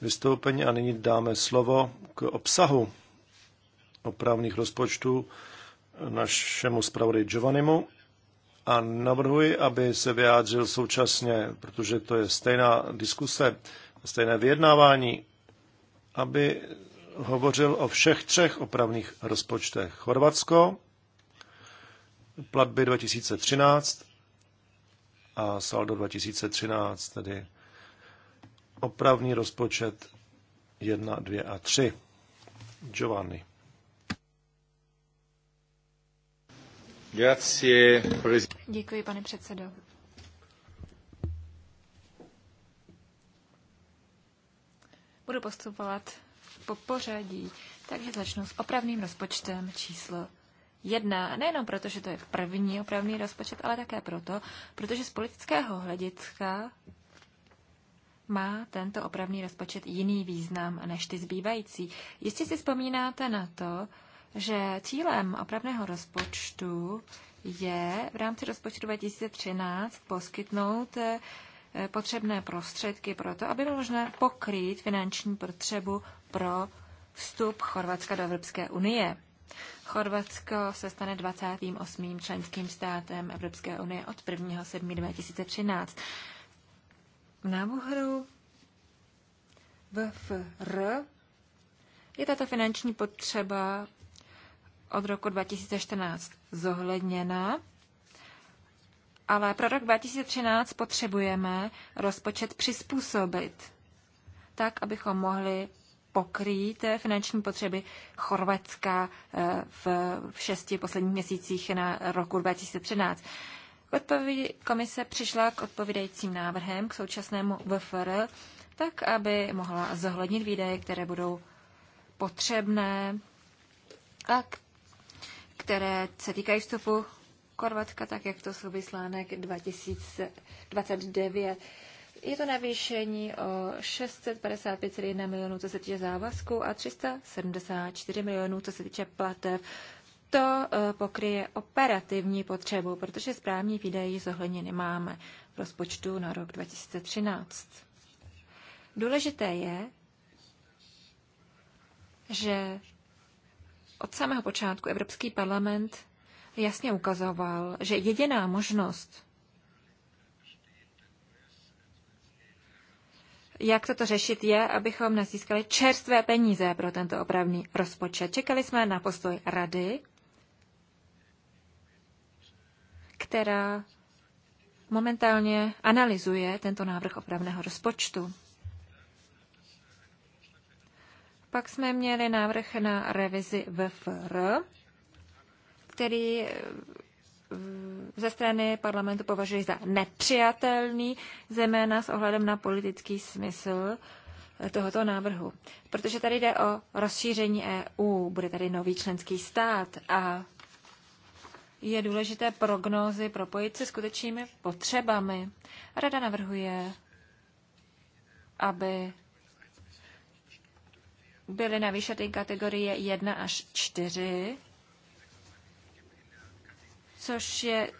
vystoupení a nyní dáme slovo k obsahu opravných rozpočtů našemu zpravodaji Giovannimu a navrhuji, aby se vyjádřil současně, protože to je stejná diskuse, stejné vyjednávání, aby hovořil o všech třech opravných rozpočtech. Chorvatsko, platby 2013 a saldo 2013, tedy opravný rozpočet 1, 2 a 3. Giovanni. Děkuji, pane předsedo. Budu postupovat po pořadí, takže začnu s opravným rozpočtem číslo jedna. Nejenom proto, že to je první opravný rozpočet, ale také proto, protože z politického hlediska má tento opravný rozpočet jiný význam než ty zbývající. Jistě si vzpomínáte na to, že cílem opravného rozpočtu je v rámci rozpočtu 2013 poskytnout eh, potřebné prostředky pro to, aby bylo možné pokrýt finanční potřebu pro vstup Chorvatska do Evropské unie. Chorvatsko se stane 28. členským státem Evropské unie od 1. 7. 2013. V návrhu VFR je tato finanční potřeba od roku 2014 zohledněna, ale pro rok 2013 potřebujeme rozpočet přizpůsobit tak, abychom mohli pokrýt eh, finanční potřeby Chorvatska eh, v šesti posledních měsících na roku 2013. Odpovědi komise přišla k odpovídajícím návrhem k současnému VFR, tak aby mohla zohlednit výdaje, které budou potřebné a které se týkají vstupu Chorvatska, tak jak to slubí slánek 2029. Je to navýšení o 655,1 milionů, co se týče závazků a 374 milionů, co se týče platev. To eh, pokryje operativní potřebu, protože správní výdaji zohledněny máme v rozpočtu na rok 2013. Důležité je, že od samého počátku Evropský parlament jasně ukazoval, že jediná možnost, jak toto řešit, je, abychom nezískali čerstvé peníze pro tento opravný rozpočet. Čekali jsme na postoj rady, která momentálně analyzuje tento návrh opravného rozpočtu. Pak jsme měli návrh na revizi VFR, který eh, ze strany parlamentu považuji za nepřijatelný, zejména s ohledem na politický smysl eh, tohoto návrhu. Protože tady jde o rozšíření EU, bude tady nový členský stát a je důležité prognózy propojit se skutečnými potřebami. Rada navrhuje, aby byly navýšeny kategorie 1 až 4, což je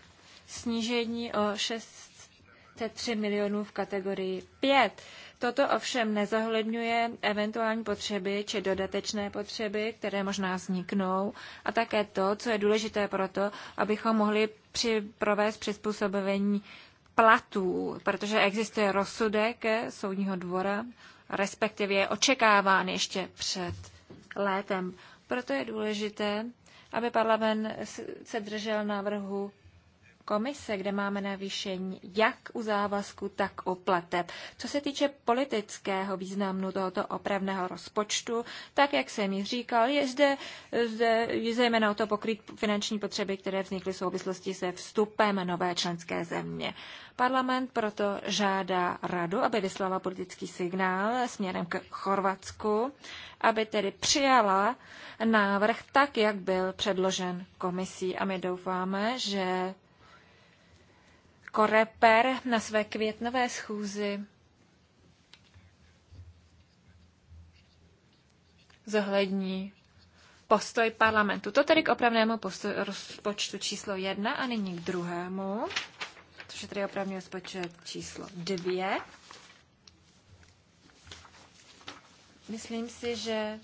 snížení o 603 milionů v kategorii 5. Toto ovšem nezohledňuje eventuální potřeby či dodatečné potřeby, které možná vzniknou, a také to, co je důležité pro to, abychom mohli při, provést přizpůsobení platů, protože existuje rozsudek eh, soudního dvora respektive je očekáván ještě před létem. Proto je důležité, aby parlament se držel návrhu komise, kde máme navýšení jak u závazku, tak u plateb. Co se týče politického významu tohoto opravného rozpočtu, tak jak jsem ji říkal, je zde, zde je zejména o to pokryt finanční potřeby, které vznikly v souvislosti se vstupem nové členské země. Parlament proto žádá radu, aby vyslala politický signál směrem k Chorvatsku, aby tedy přijala návrh tak, jak byl předložen komisí. A my doufáme, že Koreper na své květnové schůzi zohlední postoj parlamentu. To tedy k opravnému postoji, rozpočtu číslo jedna a nyní k druhému, což je tedy opravný rozpočet číslo dvě. Myslím si, že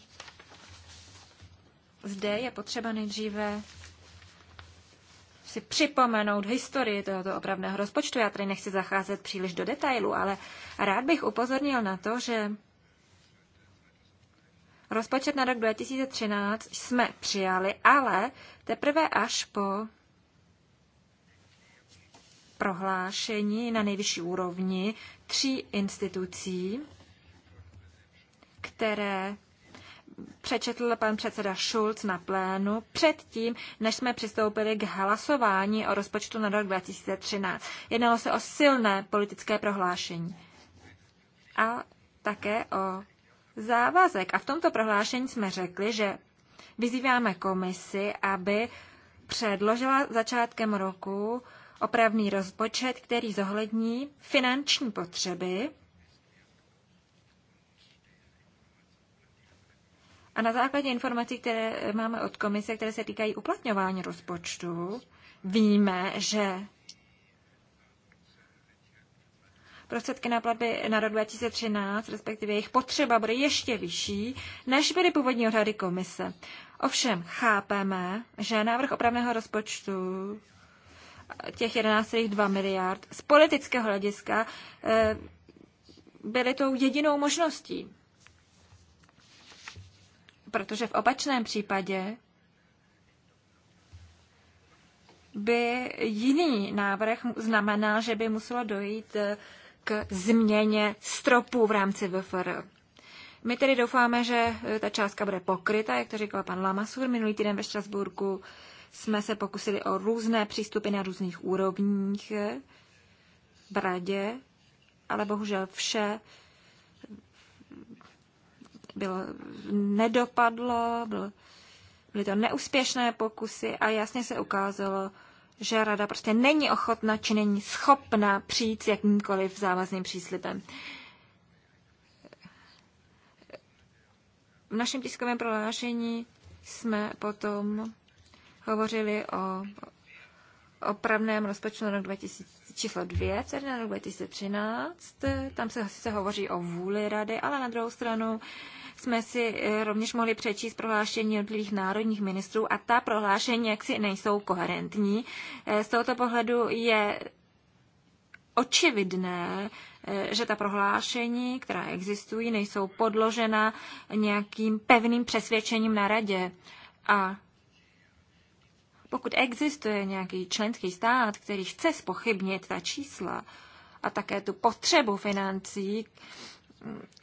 zde je potřeba nejdříve si připomenout historii tohoto opravného rozpočtu. Já tady nechci zacházet příliš do detailu, ale rád bych upozornil na to, že rozpočet na rok 2013 jsme přijali, ale teprve až po prohlášení na nejvyšší úrovni tří institucí, které přečetl pan předseda Schulz na plénu předtím, než jsme přistoupili k hlasování o rozpočtu na rok 2013. Jednalo se o silné politické prohlášení a také o závazek. A v tomto prohlášení jsme řekli, že vyzýváme komisi, aby předložila začátkem roku opravný rozpočet, který zohlední finanční potřeby A na základě informací, které máme od komise, které se týkají uplatňování rozpočtu, víme, že prostředky na platby na rok 2013, respektive jejich potřeba, bude ještě vyšší, než byly původní odhady komise. Ovšem chápeme, že návrh opravného rozpočtu těch 11,2 miliard z politického hlediska eh, byly tou jedinou možností protože v opačném případě by jiný návrh znamenal, že by muselo dojít eh, k změně stropů v rámci VFR. My tedy doufáme, že eh, ta částka bude pokryta, jak to říkal pan Lamasur. Minulý týden ve Štrasburku jsme se pokusili o různé přístupy na různých úrovních v radě, ale bohužel vše bylo, nedopadlo, bylo, byly to neúspěšné pokusy a jasně se ukázalo, že rada prostě není ochotna či není schopna přijít s jakýmkoliv závazným příslibem. V našem tiskovém prohlášení jsme potom hovořili o opravném rozpočtu na rok 2000 číslo 2, tedy 2013. Tam se sice hovoří o vůli rady, ale na druhou stranu jsme si eh, rovněž mohli přečíst prohlášení jednotlivých národních ministrů a ta prohlášení jaksi nejsou koherentní. Eh, z tohoto pohledu je očividné, eh, že ta prohlášení, která existují, nejsou podložena nějakým pevným přesvědčením na radě. A pokud existuje nějaký členský stát, který chce spochybnit ta čísla a také tu potřebu financí,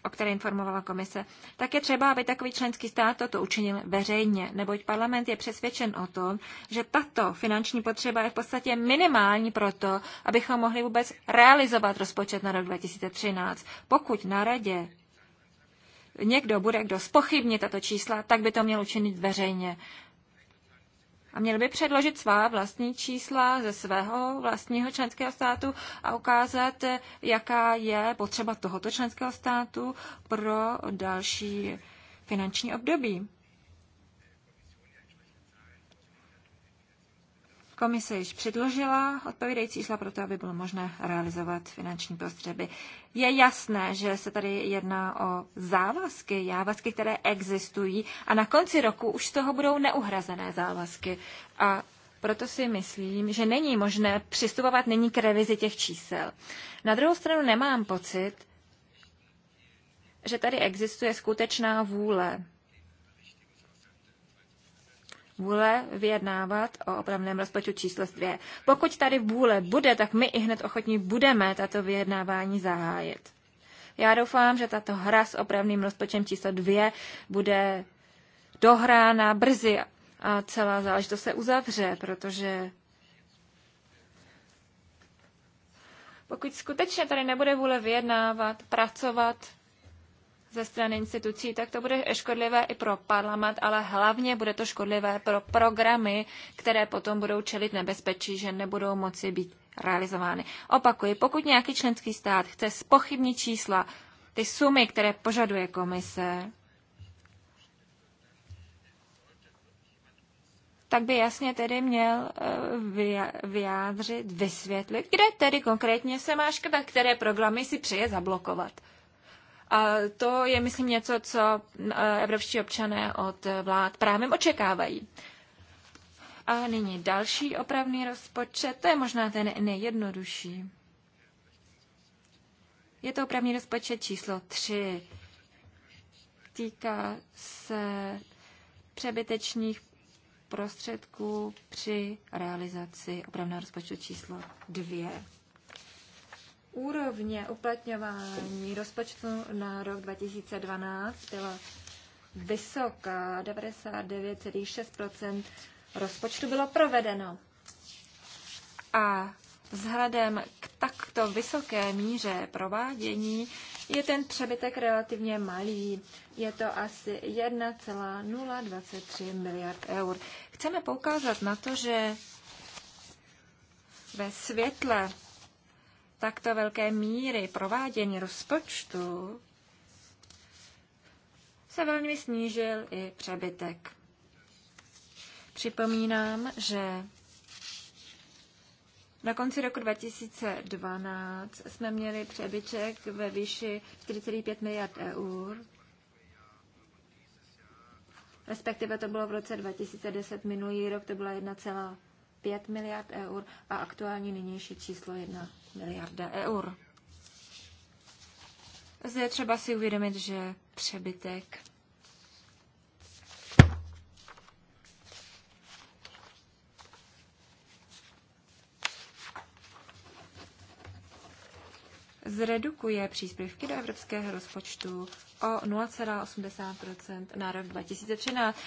o které informovala komise, tak je třeba, aby takový členský stát toto učinil veřejně, neboť parlament je přesvědčen o tom, že tato finanční potřeba je v podstatě minimální proto, abychom mohli vůbec realizovat rozpočet na rok 2013. Pokud na radě někdo bude, kdo spochybní tato čísla, tak by to měl učinit veřejně a měl by předložit svá vlastní čísla ze svého vlastního členského státu a ukázat, jaká je potřeba tohoto členského státu pro další finanční období. Komise již předložila odpovídající čísla pro to, aby bylo možné realizovat finanční prostřeby. Je jasné, že se tady jedná o závazky, závazky, které existují a na konci roku už z toho budou neuhrazené závazky. A proto si myslím, že není možné přistupovat nyní k revizi těch čísel. Na druhou stranu nemám pocit, že tady existuje skutečná vůle vůle vyjednávat o opravném rozpočtu číslo 2. Pokud tady vůle bude, tak my i hned ochotní budeme tato vyjednávání zahájit. Já doufám, že tato hra s opravným rozpočtem číslo 2 bude dohrána brzy a celá záležitost se uzavře, protože pokud skutečně tady nebude vůle vyjednávat, pracovat, ze strany institucí, tak to bude škodlivé i pro parlament, ale hlavně bude to škodlivé pro programy, které potom budou čelit nebezpečí, že nebudou moci být realizovány. Opakuji, pokud nějaký členský stát chce spochybnit čísla, ty sumy, které požaduje komise, tak by jasně tedy měl eh, vyjádřit, vysvětlit, kde tedy konkrétně se má škrtat, které programy si přeje zablokovat. A to je, myslím, něco, co eh, evropští občané od eh, vlád právě očekávají. A nyní další opravný rozpočet, to je možná ten nejjednodušší. Je to opravný rozpočet číslo 3. Týká se přebytečných prostředků při realizaci opravného rozpočtu číslo 2 úrovně uplatňování rozpočtu na rok 2012 byla vysoká, 99,6 rozpočtu bylo provedeno. A vzhledem k takto vysoké míře provádění je ten přebytek relativně malý. Je to asi 1,023 miliard eur. Chceme poukázat na to, že ve světle takto velké míry provádění rozpočtu se velmi snížil i přebytek. Připomínám, že na konci roku 2012 jsme měli přebyček ve výši 4,5 miliard eur, respektive to bylo v roce 2010, minulý rok to byla 5 miliard eur a aktuální nynější číslo 1 miliarda eur. Zde je třeba si uvědomit, že přebytek zredukuje příspěvky do evropského rozpočtu o 0,80 na rok 2013.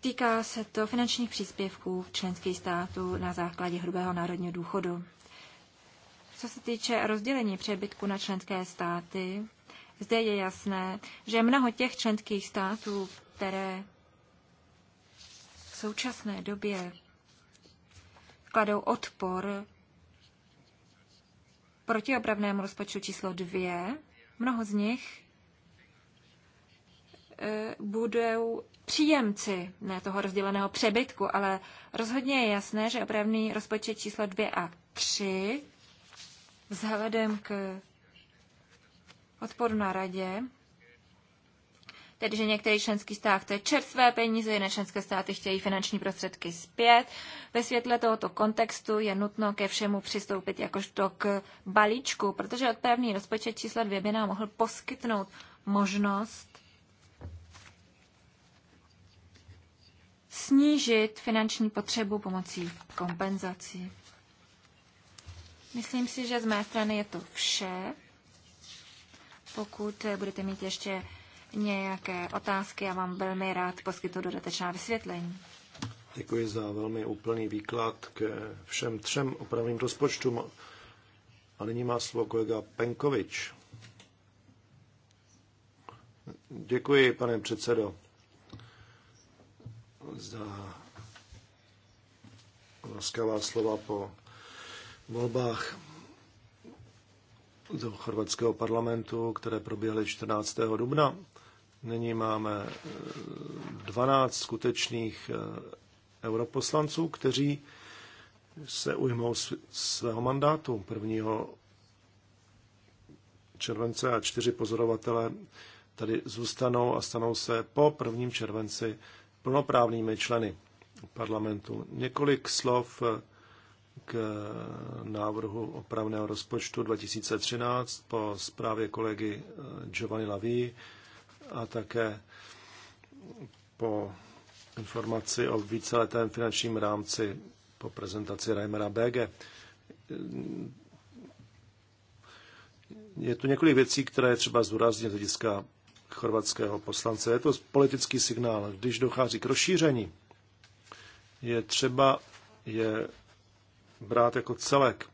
Týká se to finančních příspěvků členských států na základě hrubého národního důchodu. Co se týče rozdělení přebytku na členské státy, zde je jasné, že mnoho těch členských států, které v současné době kladou odpor proti opravnému rozpočtu číslo dvě, mnoho z nich eh, budou příjemci ne toho rozděleného přebytku, ale rozhodně je jasné, že opravný rozpočet číslo 2 a 3 vzhledem k odporu na radě, tedy že některý členský stát chce čerstvé peníze, jiné členské státy chtějí finanční prostředky zpět. Ve světle tohoto kontextu je nutno ke všemu přistoupit jakožto k balíčku, protože odpravný rozpočet číslo 2 by nám mohl poskytnout možnost snížit finanční potřebu pomocí kompenzací. Myslím si, že z mé strany je to vše. Pokud budete mít ještě nějaké otázky, já vám velmi rád poskytnu dodatečná vysvětlení. Děkuji za velmi úplný výklad k všem třem opravným rozpočtům. A nyní má slovo kolega Penkovič. Děkuji, pane předsedo zda laskavá slova po volbách do chorvatského parlamentu, které proběhly 14. dubna. Nyní máme 12 eh, skutečných eh, europoslanců, kteří se ujmou svého mandátu 1. července a čtyři pozorovatelé tady zůstanou a stanou se po 1. červenci plnoprávnými členy parlamentu. Několik slov k návrhu opravného rozpočtu 2013 po zprávě kolegy eh, Giovanni Laví a také po informaci o víceletém finančním rámci po prezentaci Reimera BG. Je tu několik věcí, které je třeba zúraznit z hlediska chorvatského poslance. Je to politický signál. Když dochází k rozšíření, je třeba je brát jako celek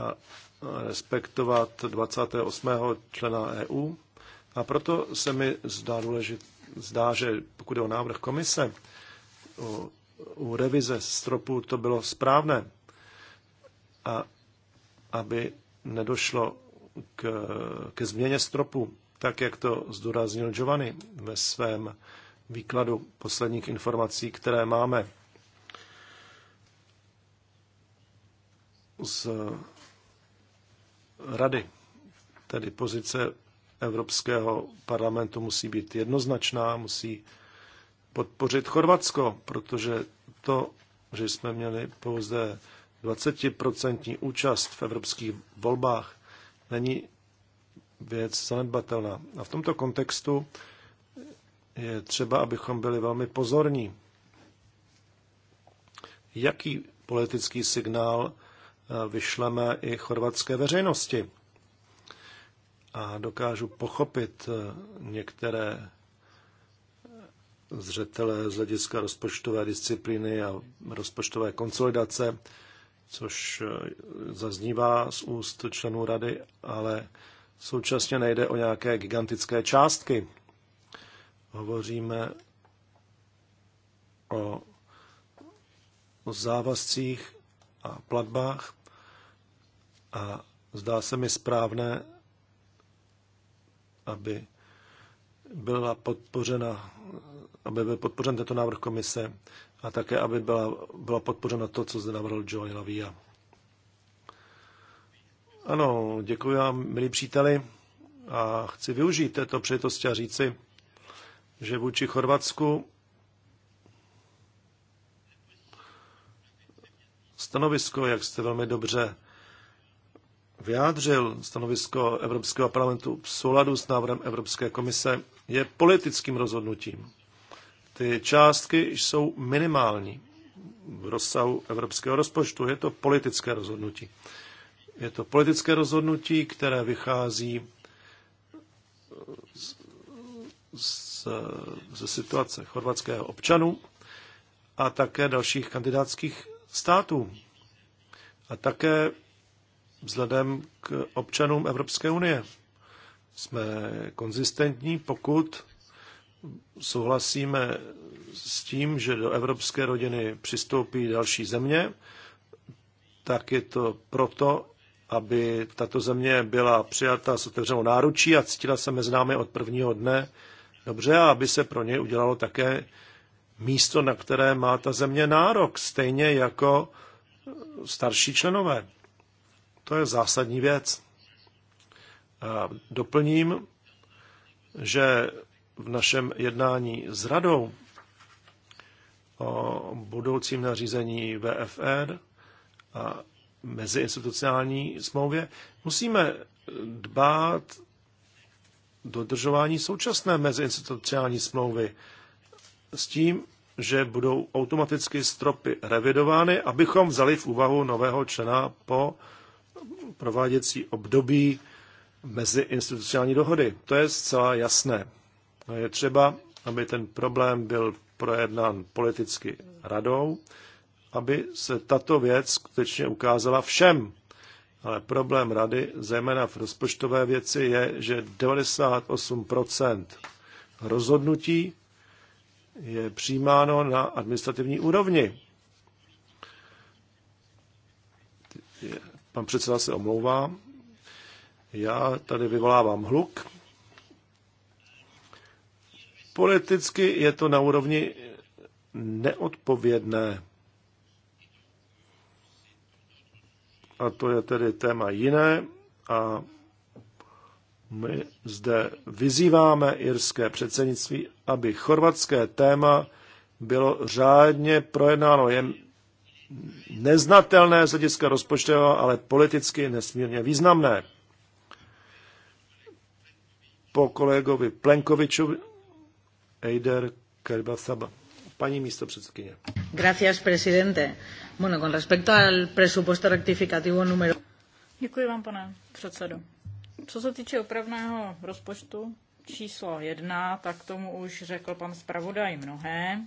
a respektovat 28. člena EU. A proto se mi zdá, důležit, zdá že pokud je o návrh komise, o, u revize stropu to bylo správné, a aby nedošlo k, ke změně stropu tak jak to zdůraznil Giovanni ve svém výkladu posledních informací, které máme z rady, tedy pozice Evropského parlamentu musí být jednoznačná, musí podpořit Chorvatsko, protože to, že jsme měli pouze 20% účast v evropských volbách, není věc zanedbatelná. A v tomto kontextu je třeba, abychom byli velmi pozorní. Jaký politický signál eh, vyšleme i chorvatské veřejnosti? A dokážu pochopit eh, některé eh, zřetelé z hlediska rozpočtové disciplíny a rozpočtové konsolidace, což zaznívá z úst členů rady, ale Současně nejde o nějaké gigantické částky. Hovoříme o závazcích a platbách a zdá se mi správné, aby byla podpořena, aby byl podpořen tento návrh komise a také, aby byla, byla podpořena to, co zde navrhl Joey Lavia. Ano, děkuji vám, milí příteli. A chci využít této přejetosti a říci, že vůči Chorvatsku stanovisko, jak jste velmi dobře vyjádřil, stanovisko Evropského parlamentu v souladu s návrhem Evropské komise, je politickým rozhodnutím. Ty částky jsou minimální v rozsahu evropského rozpočtu. Je to politické rozhodnutí. Je to politické rozhodnutí, které vychází ze situace chorvatského občanu a také dalších kandidátských států. A také vzhledem k občanům Evropské unie. Jsme konzistentní, pokud souhlasíme s tím, že do evropské rodiny přistoupí další země, tak je to proto, aby tato země byla přijata s otevřenou náručí a cítila se mezi námi od prvního dne dobře a aby se pro ně udělalo také místo, na které má ta země nárok, stejně jako starší členové. To je zásadní věc. A doplním, že v našem jednání s radou o budoucím nařízení VFR a meziinstitucionální smlouvě, musíme dbát dodržování současné meziinstitucionální smlouvy s tím, že budou automaticky stropy revidovány, abychom vzali v úvahu nového člena po prováděcí období meziinstitucionální dohody. To je zcela jasné. Je třeba, aby ten problém byl projednán politicky radou, aby se tato věc skutečně ukázala všem. Ale problém rady, zejména v rozpočtové věci, je, že 98% rozhodnutí je přijímáno na administrativní úrovni. Pan předseda se omlouvá. Já tady vyvolávám hluk. Politicky je to na úrovni neodpovědné. a to je tedy téma jiné a my zde vyzýváme irské předsednictví, aby chorvatské téma bylo řádně projednáno. Je neznatelné z hlediska rozpočtového, ale politicky nesmírně významné. Po kolegovi Plenkoviču Eider Kerbasaba. Paní místo předsedkyně. Gracias, presidente. Bueno, con respecto al presupuesto rectificativo número... Děkuji vám, pane předsedo. Co se týče opravného rozpočtu číslo jedna, tak tomu už řekl pan zpravodaj mnohé.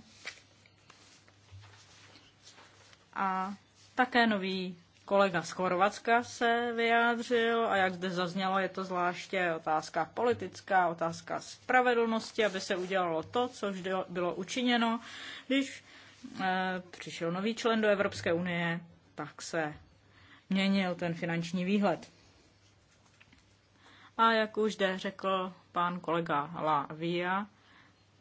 A také nový kolega z Chorvatska se vyjádřil a jak zde zaznělo, je to zvláště otázka politická, otázka spravedlnosti, aby se udělalo to, co vždy bylo učiněno, když Eh, přišel nový člen do Evropské unie, tak se měnil ten finanční výhled. A jak už jde, řekl pán kolega La Via,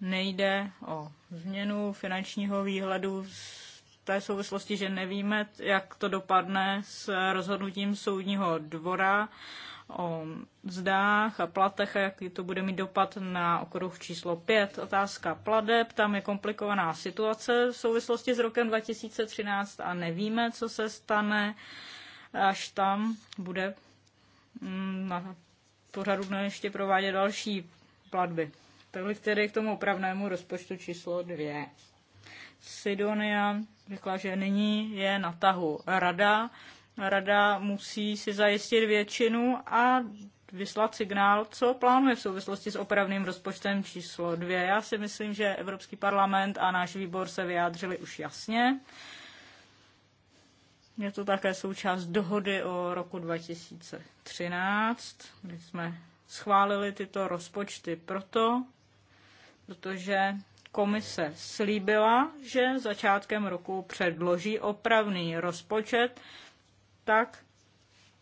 nejde o změnu finančního výhledu z té souvislosti, že nevíme, jak to dopadne s rozhodnutím soudního dvora o zdách a platech a jaký to bude mít dopad na okruh číslo 5. Otázka pladeb, tam je komplikovaná situace v souvislosti s rokem 2013 a nevíme, co se stane, až tam bude mm, na pořadu dne ještě provádět další platby. Tolik tedy k tomu opravnému rozpočtu číslo 2. Sidonia řekla, že nyní je na tahu rada Rada musí si zajistit většinu a vyslat signál, co plánuje v souvislosti s opravným rozpočtem číslo dvě. Já si myslím, že Evropský parlament a náš výbor se vyjádřili už jasně. Je to také součást dohody o roku 2013, kdy jsme schválili tyto rozpočty proto, protože komise slíbila, že začátkem roku předloží opravný rozpočet tak,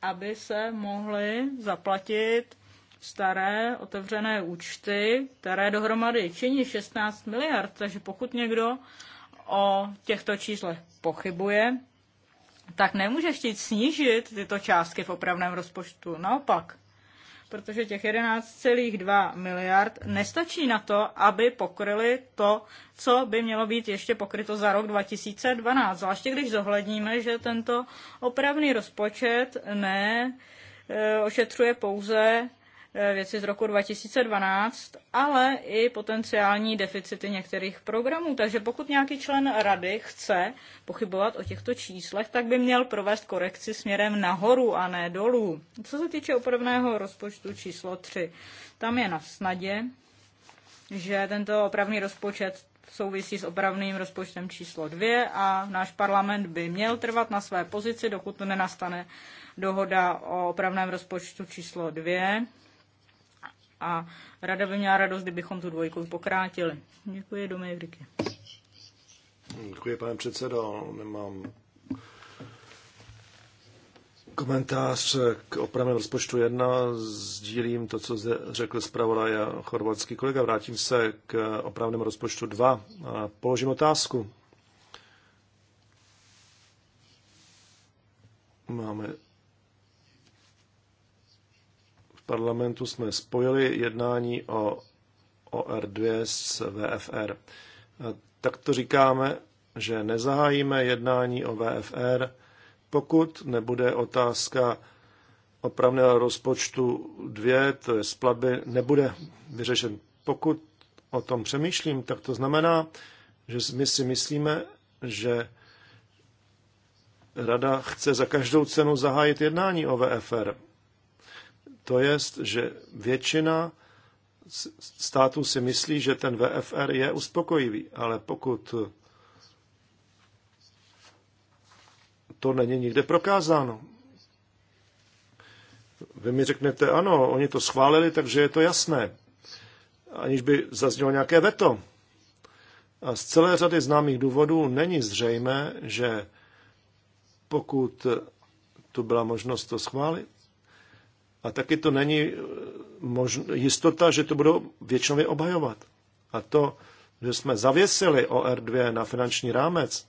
aby se mohly zaplatit staré otevřené účty, které dohromady činí 16 miliard. Takže pokud někdo o těchto číslech pochybuje, tak nemůže chtít snížit tyto částky v opravném rozpočtu. Naopak, protože těch 11,2 miliard nestačí na to, aby pokryli to, co by mělo být ještě pokryto za rok 2012. Zvláště když zohledníme, že tento opravný rozpočet ne e, ošetřuje pouze Eh, věci z roku 2012, ale i potenciální deficity některých programů. Takže pokud nějaký člen rady chce pochybovat o těchto číslech, tak by měl provést korekci směrem nahoru a ne dolů. Co se týče opravného rozpočtu číslo 3, tam je na snadě, že tento opravný rozpočet souvisí s opravným rozpočtem číslo 2 a náš parlament by měl trvat na své pozici, dokud to nenastane dohoda o opravném rozpočtu číslo 2 a rada by měla radost, kdybychom tu dvojku pokrátili. Děkuji, Dominiky. Děkuji, pane předsedo. Nemám komentář k opravném rozpočtu 1. Sdílím to, co řekl zpravodaj chorvatský kolega. Vrátím se k opravnému rozpočtu 2 a položím otázku. Máme parlamentu jsme spojili jednání o OR2 s VFR. Tak to říkáme, že nezahájíme jednání o VFR, pokud nebude otázka opravného rozpočtu 2, to je splatby, nebude vyřešen. Pokud o tom přemýšlím, tak to znamená, že my si myslíme, že Rada chce za každou cenu zahájit jednání o VFR. To je, že většina států si myslí, že ten VFR je uspokojivý, ale pokud to není nikde prokázáno. Vy mi řeknete, ano, oni to schválili, takže je to jasné, aniž by zaznělo nějaké veto. A z celé řady známých důvodů není zřejmé, že pokud tu byla možnost to schválit, a taky to není eh, možn- jistota, že to budou většinově obhajovat. A to, že jsme zavěsili OR2 na finanční rámec,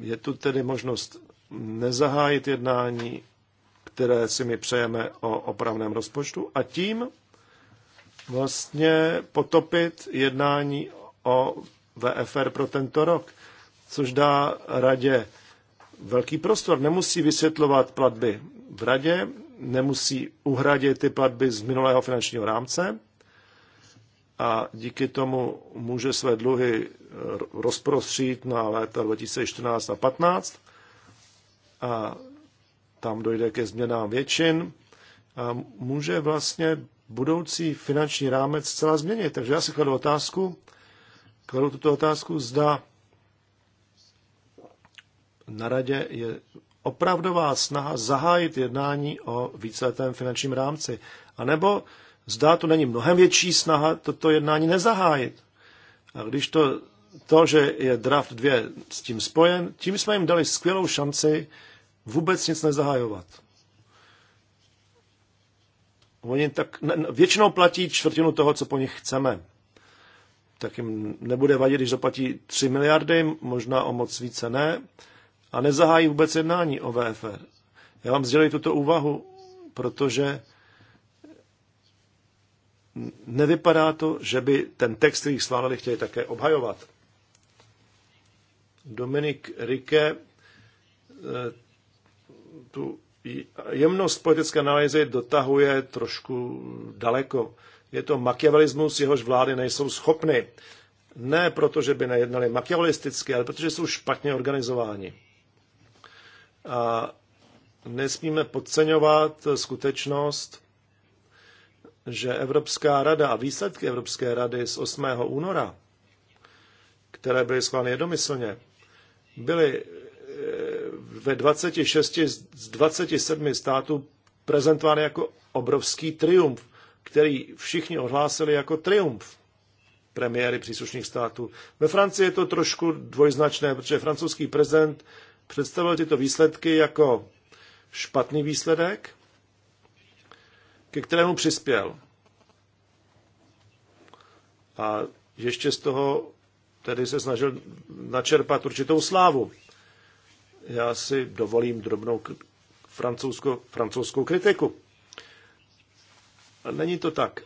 je tu tedy možnost nezahájit jednání, které si my přejeme o opravném rozpočtu a tím vlastně potopit jednání o VFR pro tento rok, což dá radě velký prostor. Nemusí vysvětlovat platby v radě, nemusí uhradit ty platby z minulého finančního rámce a díky tomu může své dluhy rozprostřít na léta 2014 a 15 a tam dojde ke změnám většin a může vlastně budoucí finanční rámec zcela změnit. Takže já si kladu otázku, kladu tuto otázku, zda na radě je opravdová snaha zahájit jednání o víceletém finančním rámci. A nebo zdá to není mnohem větší snaha toto jednání nezahájit. A když to, to, že je draft 2 s tím spojen, tím jsme jim dali skvělou šanci vůbec nic nezahajovat. Oni tak většinou platí čtvrtinu toho, co po nich chceme. Tak jim nebude vadit, když zaplatí 3 miliardy, možná o moc více ne a nezahájí vůbec jednání o VFR. Já vám sdělím tuto úvahu, protože nevypadá to, že by ten text, který schválili, chtěli také obhajovat. Dominik Rike eh, tu jemnost politické analýzy dotahuje trošku daleko. Je to makiavelismus, jehož vlády nejsou schopny. Ne proto, že by nejednali makiavelisticky, ale protože jsou špatně organizováni. A nesmíme podceňovat skutečnost, že Evropská rada a výsledky Evropské rady z 8. února, které byly schváleny jednomyslně, byly e, ve 26 z 27 států prezentovány jako obrovský triumf, který všichni ohlásili jako triumf premiéry příslušných států. Ve Francii je to trošku dvojznačné, protože francouzský prezident představil tyto výsledky jako špatný výsledek, ke kterému přispěl. A ještě z toho tedy se snažil načerpat určitou slávu. Já si dovolím drobnou francouzskou, francouzskou kritiku. není to tak.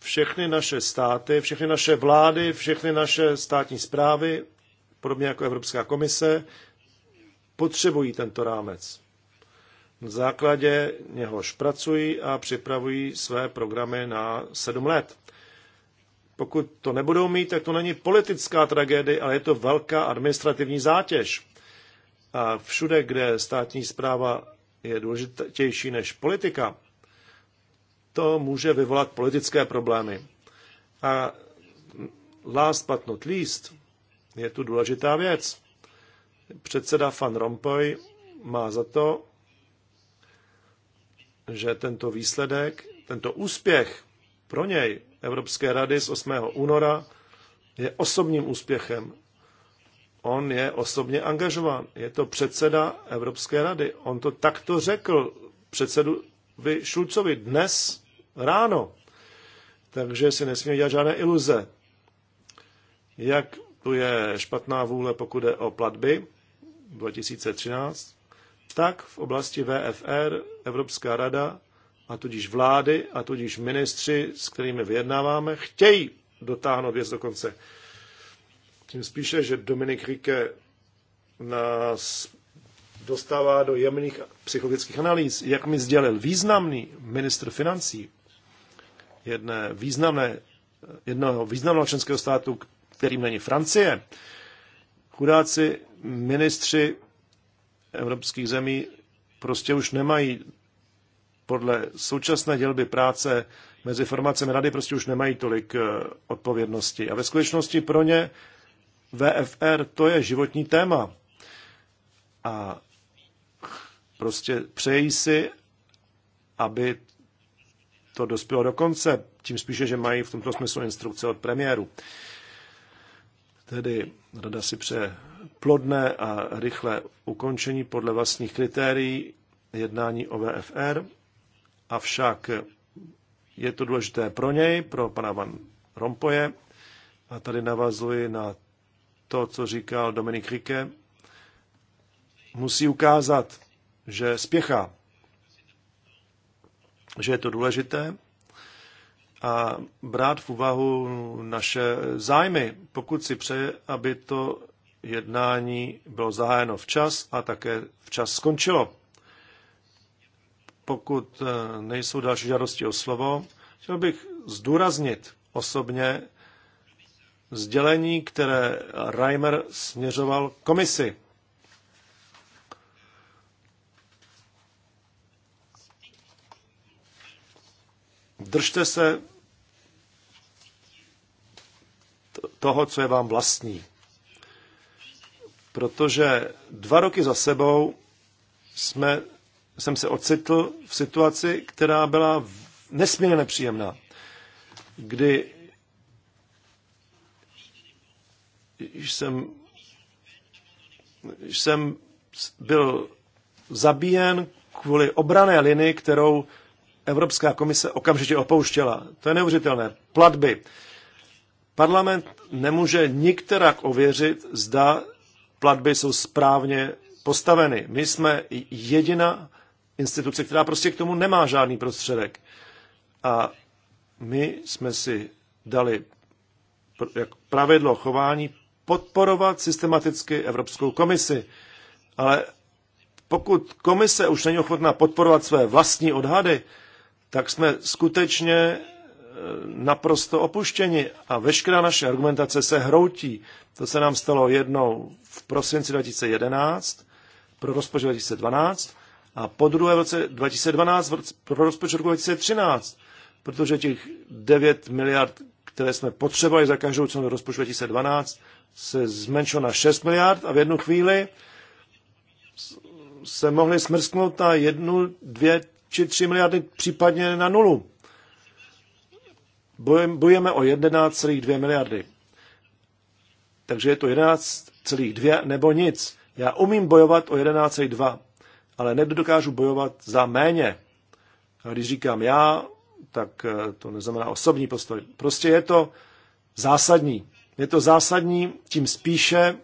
Všechny naše státy, všechny naše vlády, všechny naše státní zprávy, podobně jako Evropská komise, potřebují tento rámec. Na základě něhož pracují a připravují své programy na sedm let. Pokud to nebudou mít, tak to není politická tragédie, ale je to velká administrativní zátěž. A všude, kde státní zpráva je důležitější než politika, to může vyvolat politické problémy. A last but not least je tu důležitá věc. Předseda Van Rompuy má za to, že tento výsledek, tento úspěch pro něj Evropské rady z 8. února je osobním úspěchem. On je osobně angažován. Je to předseda Evropské rady. On to takto řekl předsedu vy Šulcovi dnes ráno. Takže si nesmíme dělat žádné iluze. Jak tu je špatná vůle, pokud je o platby, 2013, tak v oblasti VFR Evropská rada a tudíž vlády a tudíž ministři, s kterými vyjednáváme, chtějí dotáhnout věc do konce. Tím spíše, že Dominik Rike nás dostává do jemných psychologických analýz. Jak mi sdělil významný ministr financí jedné významné, jednoho významného členského státu, kterým není Francie, chudáci ministři evropských zemí prostě už nemají podle současné dělby práce mezi formacemi rady prostě už nemají tolik eh, odpovědnosti. A ve skutečnosti pro ně VFR to je životní téma. A prostě přejí si, aby to dospělo do konce, tím spíše, že mají v tomto smyslu instrukce od premiéru. Tedy rada si přeje plodné a rychlé ukončení podle vlastních kritérií jednání o VFR, avšak je to důležité pro něj, pro pana Van Rompoje. A tady navazuji na to, co říkal Dominik Rike. Musí ukázat, že spěchá, že je to důležité a brát v úvahu naše zájmy, pokud si přeje, aby to jednání bylo zahájeno včas a také včas skončilo. Pokud eh, nejsou další žádosti o slovo, chtěl bych zdůraznit osobně sdělení, které Reimer směřoval komisi. Držte se toho, co je vám vlastní protože dva roky za sebou jsme, jsem se ocitl v situaci, která byla nesmírně nepříjemná, kdy jsem, jsem byl zabíjen kvůli obrané linii, kterou Evropská komise okamžitě opouštěla. To je neuvěřitelné. Platby. Parlament nemůže nikterak ověřit, zda platby jsou správně postaveny. My jsme jediná instituce, která prostě k tomu nemá žádný prostředek. A my jsme si dali jako pravidlo chování podporovat systematicky Evropskou komisi. Ale pokud komise už není ochotná podporovat své vlastní odhady, tak jsme skutečně naprosto opuštěni a veškerá naše argumentace se hroutí. To se nám stalo jednou v prosinci 2011 pro rozpočet 2012 a po druhé v roce 2012 pro rozpočet roku 2013, protože těch 9 miliard, které jsme potřebovali za každou cenu rozpočtu 2012, se zmenšilo na 6 miliard a v jednu chvíli se mohly smrsknout na jednu, dvě či tři miliardy, případně na nulu bojujeme o 11,2 miliardy. Takže je to 11,2 nebo nic. Já umím bojovat o 11,2, ale nedokážu bojovat za méně. A když říkám já, tak eh, to neznamená osobní postoj. Prostě je to zásadní. Je to zásadní tím spíše,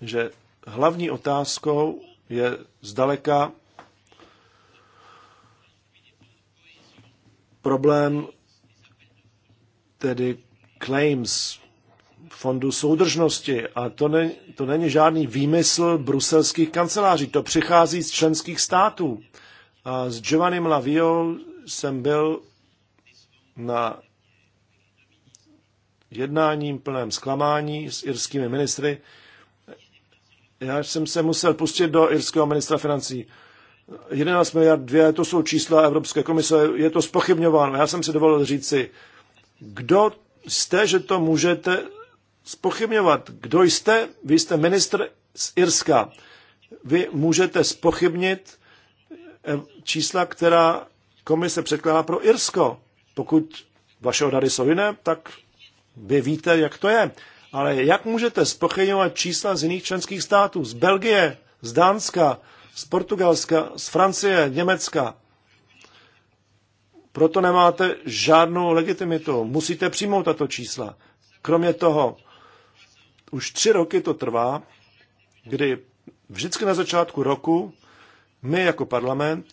že hlavní otázkou je zdaleka problém tedy claims fondu soudržnosti a to, ne, to není žádný výmysl bruselských kanceláří, to přichází z členských států. A s Giovanni Lavio jsem byl na jednáním plném zklamání s irskými ministry. Já jsem se musel pustit do irského ministra financí. 11 miliard 2, to jsou čísla Evropské komise, je to spochybňováno. Já jsem si dovolil říci, kdo jste, že to můžete spochybňovat? Kdo jste? Vy jste ministr z Irska. Vy můžete spochybnit eh, čísla, která komise překládá pro Irsko. Pokud vaše odhady jsou jiné, tak vy víte, jak to je. Ale jak můžete spochybňovat čísla z jiných členských států, z Belgie, z Dánska, z Portugalska, z Francie, Německa. Proto nemáte žádnou legitimitu. Musíte přijmout tato čísla. Kromě toho, už tři roky to trvá, kdy vždycky na začátku roku my jako parlament,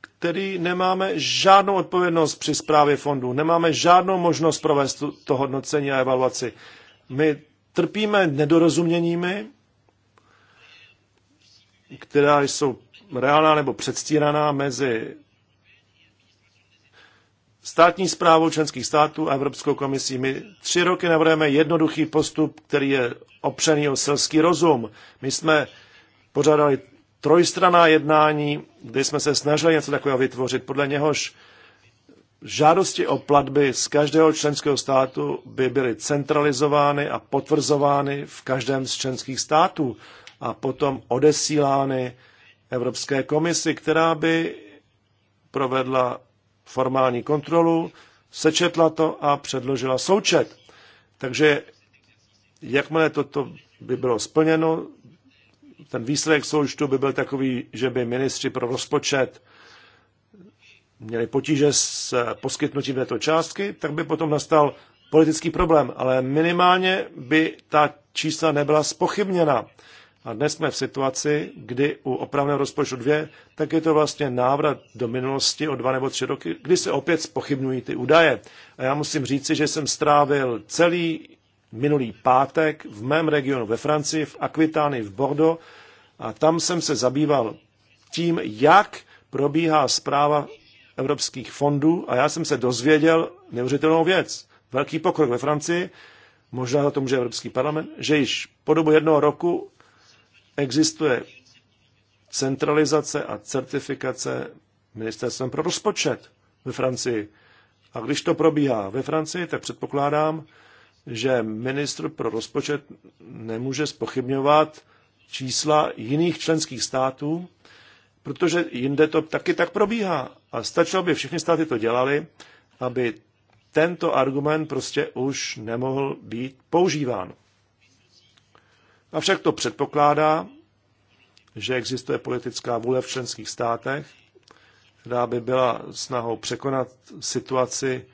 který nemáme žádnou odpovědnost při zprávě fondů, nemáme žádnou možnost provést to hodnocení a evaluaci. My trpíme nedorozuměními která jsou reálná nebo předstíraná mezi státní zprávou členských států a Evropskou komisí. My tři roky navrhujeme jednoduchý postup, který je opřený o selský rozum. My jsme pořádali trojstraná jednání, kde jsme se snažili něco takového vytvořit. Podle něhož žádosti o platby z každého členského státu by byly centralizovány a potvrzovány v každém z členských států a potom odesílány Evropské komisi, která by provedla formální kontrolu, sečetla to a předložila součet. Takže jakmile toto by bylo splněno, ten výsledek součtu by byl takový, že by ministři pro rozpočet měli potíže s poskytnutím této částky, tak by potom nastal politický problém, ale minimálně by ta čísla nebyla spochybněna. A dnes jsme v situaci, kdy u opravného rozpočtu 2, tak je to vlastně návrat do minulosti o dva nebo tři roky, kdy se opět spochybnují ty údaje. A já musím říci, že jsem strávil celý minulý pátek v mém regionu ve Francii, v Akvitánii, v Bordeaux a tam jsem se zabýval tím, jak probíhá zpráva evropských fondů a já jsem se dozvěděl neuvěřitelnou věc. Velký pokrok ve Francii, možná za to může Evropský parlament, že již po dobu jednoho roku existuje centralizace a certifikace ministerstvem pro rozpočet ve Francii. A když to probíhá ve Francii, tak předpokládám, že ministr pro rozpočet nemůže spochybňovat čísla jiných členských států, protože jinde to taky tak probíhá. A stačilo by, všechny státy to dělali, aby tento argument prostě už nemohl být používán. Avšak to předpokládá, že existuje politická vůle v členských státech, která by byla snahou překonat situaci,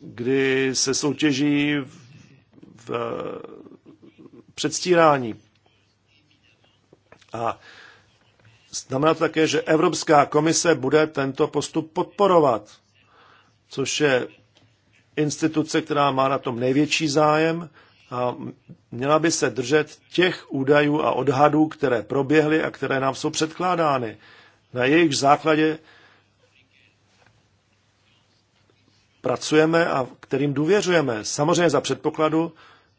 kdy se soutěží v předstírání. A znamená to také, že Evropská komise bude tento postup podporovat, což je instituce, která má na tom největší zájem a měla by se držet těch údajů a odhadů, které proběhly a které nám jsou předkládány. Na jejich základě pracujeme a kterým důvěřujeme. Samozřejmě za předpokladu,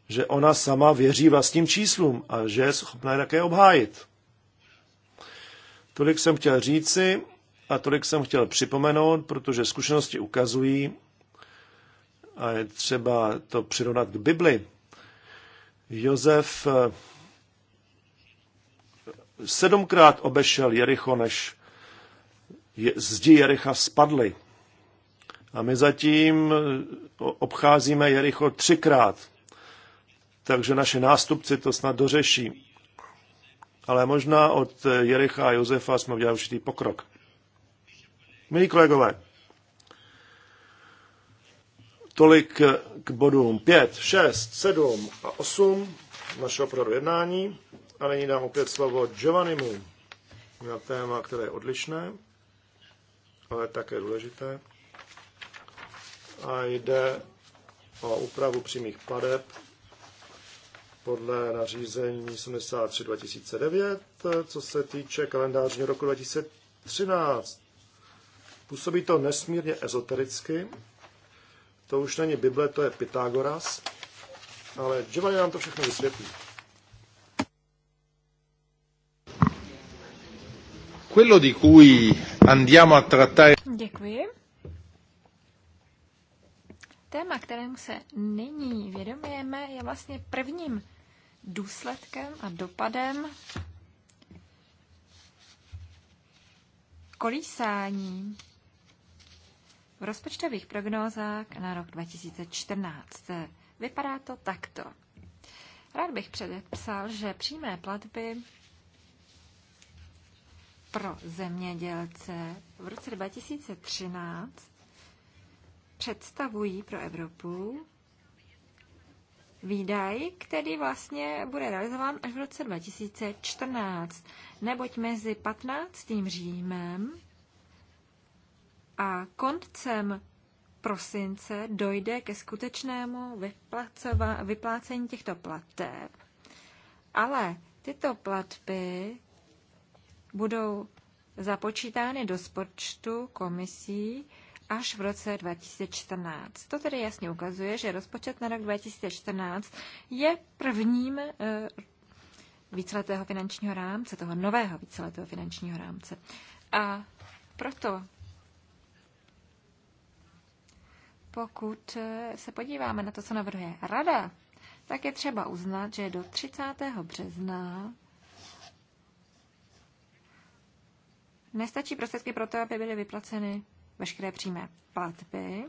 že ona sama věří vlastním číslům a že je schopná je také obhájit. Tolik jsem chtěl říci a tolik jsem chtěl připomenout, protože zkušenosti ukazují, a je třeba to přirovnat k Bibli, Josef eh, sedmkrát obešel Jericho, než zdi Jericha spadly. A my zatím eh, obcházíme Jericho třikrát. Takže naše nástupci to snad dořeší. Ale možná od eh, Jericha a Josefa jsme udělali určitý pokrok. Milí kolegové, Tolik k bodům 5, 6, 7 a 8 našeho pořadu jednání. A nyní dám opět slovo Giovannimu na téma, které je odlišné, ale také důležité. A jde o úpravu přímých padeb podle nařízení 73 2009, co se týče kalendářního roku 2013. Působí to nesmírně ezotericky, to už není Bible, to je Pythagoras, ale Giovanni nám to všechno vysvětlí. Quello di cui andiamo a trattare... Děkuji. Téma, kterému se nyní vědomujeme, je vlastně prvním důsledkem a dopadem kolísání v rozpočtových prognózách na rok 2014 vypadá to takto. Rád bych předepsal, že přímé platby pro zemědělce v roce 2013 představují pro Evropu výdaj, který vlastně bude realizován až v roce 2014, neboť mezi 15. říjmem a koncem prosince dojde ke skutečnému vyplácení těchto plateb. Ale tyto platby budou započítány do spočtu komisí až v roce 2014. To tedy jasně ukazuje, že rozpočet na rok 2014 je prvním eh, víceletého finančního rámce, toho nového víceletého finančního rámce. A proto Pokud eh, se podíváme na to, co navrhuje Rada, tak je třeba uznat, že do 30. března nestačí prostředky pro to, aby byly vyplaceny veškeré přímé platby.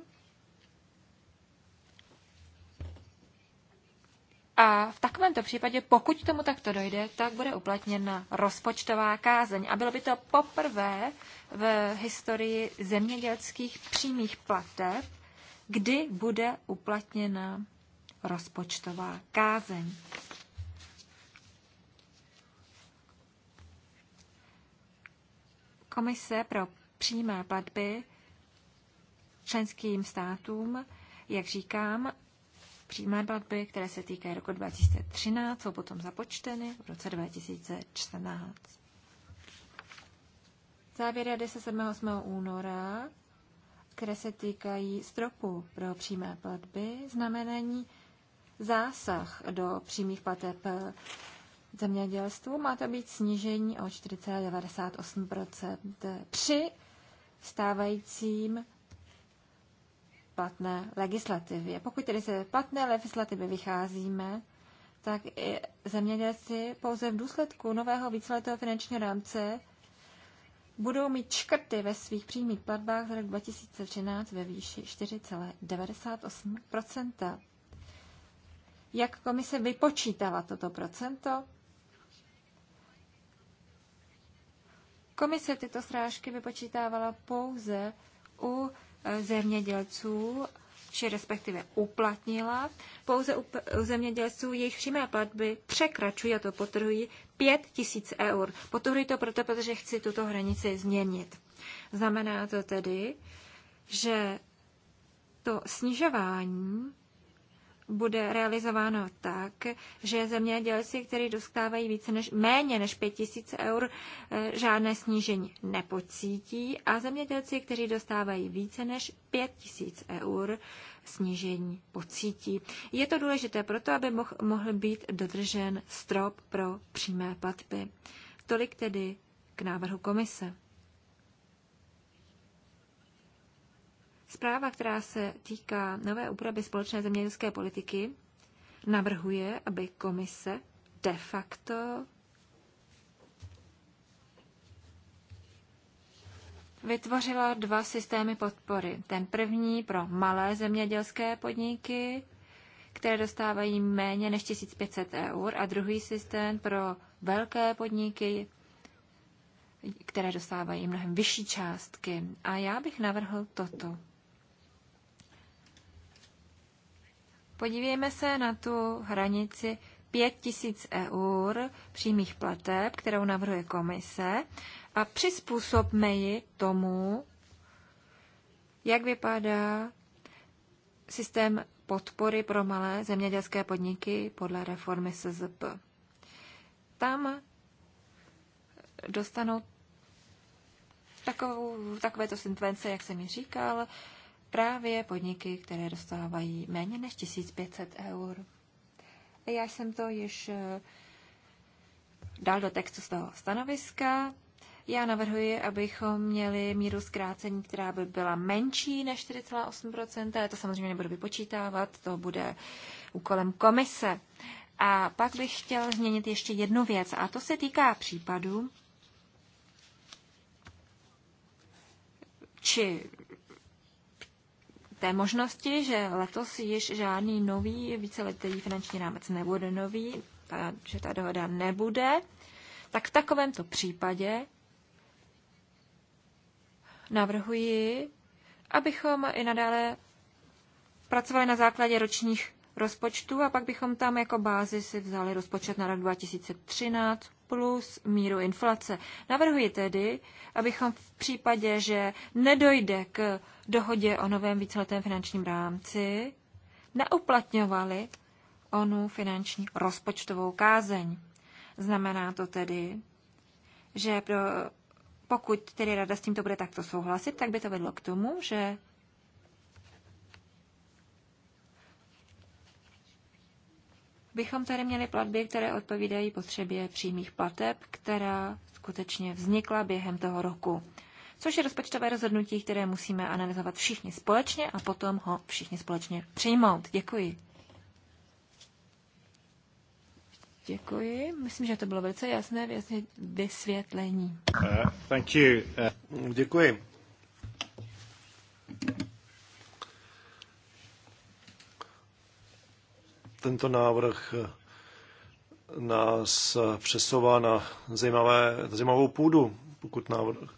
A v takovémto případě, pokud tomu takto dojde, tak bude uplatněna rozpočtová kázeň. A bylo by to poprvé v historii zemědělských přímých plateb, kdy bude uplatněna rozpočtová kázeň. Komise pro přímé platby členským státům, jak říkám, přímé platby, které se týkají roku 2013, jsou potom započteny v roce 2014. Závěry 17. 8. února které se týkají stropu pro přímé platby, znamenání zásah do přímých plateb zemědělstvu. Má to být snížení o 4,98 při stávajícím platné legislativě. Pokud tedy se platné legislativy vycházíme, tak i zemědělci pouze v důsledku nového víceletého finančního rámce budou mít škrty ve svých přímých platbách za rok 2013 ve výši 4,98 Jak komise vypočítala toto procento? Komise tyto srážky vypočítávala pouze u e, zemědělců, či respektive uplatnila pouze u zemědělců, jejich přímé platby překračují, a to potrhují, 5 tisíc eur. Potuhuji to proto, protože chci tuto hranici změnit. Znamená to tedy, že to snižování bude realizováno tak, že zemědělci, kteří dostávají více než, méně než 5000 eur, eh, žádné snížení nepocítí a zemědělci, kteří dostávají více než 5000 eur, snížení pocítí. Je to důležité proto, aby mohl, mohl být dodržen strop pro přímé platby. Tolik tedy k návrhu komise. Zpráva, která se týká nové úpravy společné zemědělské politiky, navrhuje, aby komise de facto vytvořila dva systémy podpory. Ten první pro malé zemědělské podniky, které dostávají méně než 1500 eur, a druhý systém pro velké podniky, které dostávají mnohem vyšší částky. A já bych navrhl toto. Podívejme se na tu hranici 5000 eur přímých plateb, kterou navrhuje komise a přizpůsobme ji tomu, jak vypadá systém podpory pro malé zemědělské podniky podle reformy SZP. Tam dostanou takovou, takovéto subvence, jak jsem ji říkal, právě podniky, které dostávají méně než 1500 eur. já jsem to již eh, dal do textu toho stanoviska. Já navrhuji, abychom měli míru zkrácení, která by byla menší než 4,8%, ale to samozřejmě nebudu vypočítávat, to bude úkolem komise. A pak bych chtěl změnit ještě jednu věc, a to se týká případů, či té možnosti, že letos již žádný nový víceletý finanční rámec nebude nový, ta, že ta dohoda nebude, tak v takovémto případě navrhuji, abychom i nadále pracovali na základě ročních rozpočtů a pak bychom tam jako bázi si vzali rozpočet na rok 2013 plus míru inflace. Navrhuji tedy, abychom v případě, že nedojde k dohodě o novém víceletém finančním rámci, neuplatňovali onu finanční rozpočtovou kázeň. Znamená to tedy, že pro, pokud tedy rada s tímto bude takto souhlasit, tak by to vedlo k tomu, že bychom tady měli platby, které odpovídají potřebě přímých plateb, která skutečně vznikla během toho roku. Což je rozpočtové rozhodnutí, které musíme analyzovat všichni společně a potom ho všichni společně přijmout. Děkuji. Děkuji. Myslím, že to bylo velice jasné vysvětlení. Uh, thank you. Uh, děkuji. tento návrh nás přesouvá na zajímavé, zajímavou půdu, pokud návrh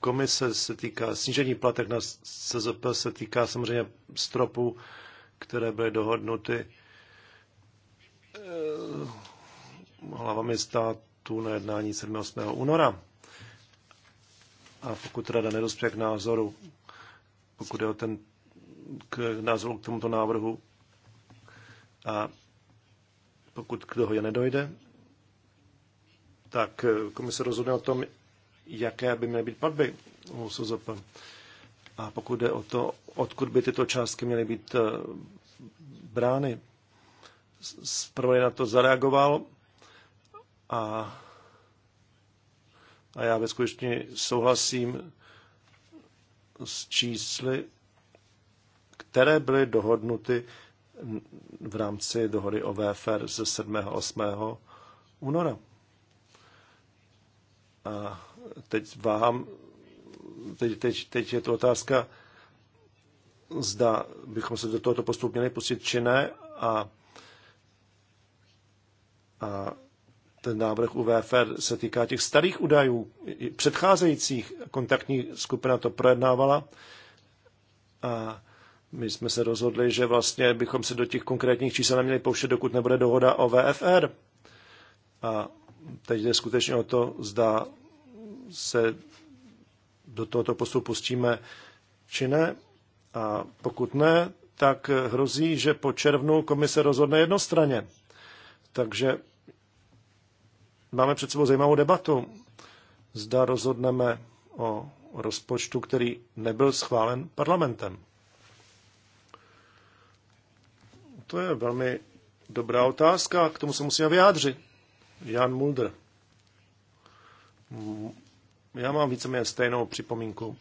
komise se týká snížení platek na CZP, se týká samozřejmě stropů, které byly dohodnuty eh, hlavami státu na jednání 7. 8. února. A pokud rada nedospěje k názoru, pokud je o ten k názoru k tomuto návrhu a pokud k je nedojde, tak eh, komise rozhodne o tom, jaké by měly být platby u SZP. A pokud jde o to, odkud by tyto částky měly být eh, brány, zprve na to zareagoval a, a já ve skutečně souhlasím s čísly, které byly dohodnuty v rámci dohody o VFR ze 7. a 8. února. A teď váhám, teď, teď, teď je to otázka, zda bychom se do tohoto postupu měli pustit či ne a, a ten návrh u VFR se týká těch starých údajů, předcházejících kontaktní skupina to projednávala a my jsme se rozhodli, že vlastně bychom se do těch konkrétních čísel neměli pouštět, dokud nebude dohoda o VFR. A teď jde skutečně o to, zda se do tohoto postupu pustíme či ne. A pokud ne, tak hrozí, že po červnu komise rozhodne jednostranně. Takže máme před sebou zajímavou debatu. Zda rozhodneme o rozpočtu, který nebyl schválen parlamentem. To je velmi dobrá otázka k tomu se musíme vyjádřit. Jan Mulder. Já mám víceméně stejnou připomínku.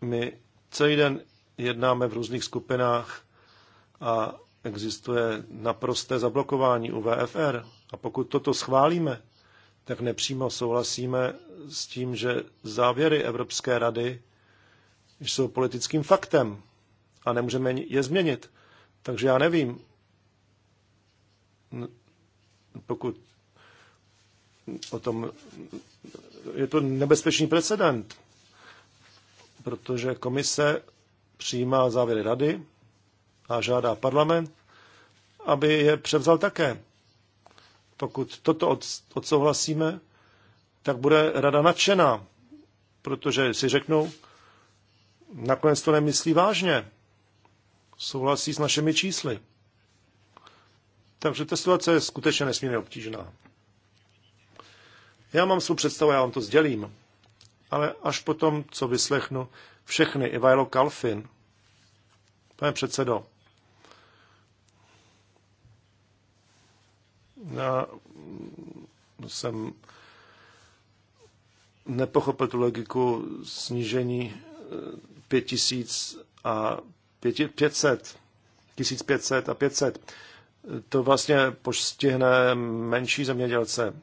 My celý den jednáme v různých skupinách a existuje naprosté zablokování u VFR. A pokud toto schválíme, tak nepřímo souhlasíme s tím, že závěry Evropské rady jsou politickým faktem a nemůžeme je změnit. Takže já nevím, pokud o tom je to nebezpečný precedent, protože komise přijímá závěry rady a žádá parlament, aby je převzal také. Pokud toto odsouhlasíme, tak bude rada nadšená, protože si řeknou, nakonec to nemyslí vážně souhlasí s našimi čísly. Takže ta situace je skutečně nesmírně obtížná. Já mám svou představu, já vám to sdělím, ale až potom, co vyslechnu všechny, i Vajlo Kalfin, pane předsedo, já jsem nepochopil tu logiku snížení eh, pět tisíc a 500, 1500 a 500. To vlastně postihne menší zemědělce.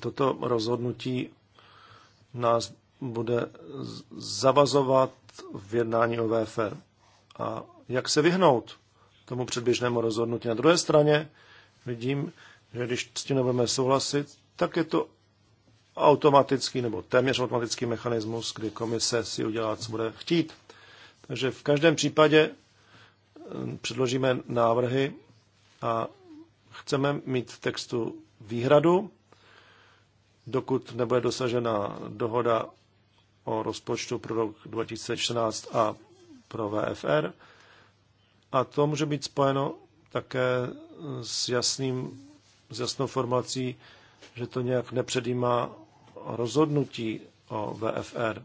Toto rozhodnutí nás bude zavazovat v jednání o VFR. A jak se vyhnout tomu předběžnému rozhodnutí? Na druhé straně vidím, že když s tím nebudeme souhlasit, tak je to automatický nebo téměř automatický mechanismus, kdy komise si udělá, co bude chtít. Takže v každém případě eh, předložíme návrhy a chceme mít v textu výhradu, dokud nebude dosažena dohoda o rozpočtu pro rok 2014 a pro VFR. A to může být spojeno také s, jasným, s jasnou formací, že to nějak nepředjímá rozhodnutí o VFR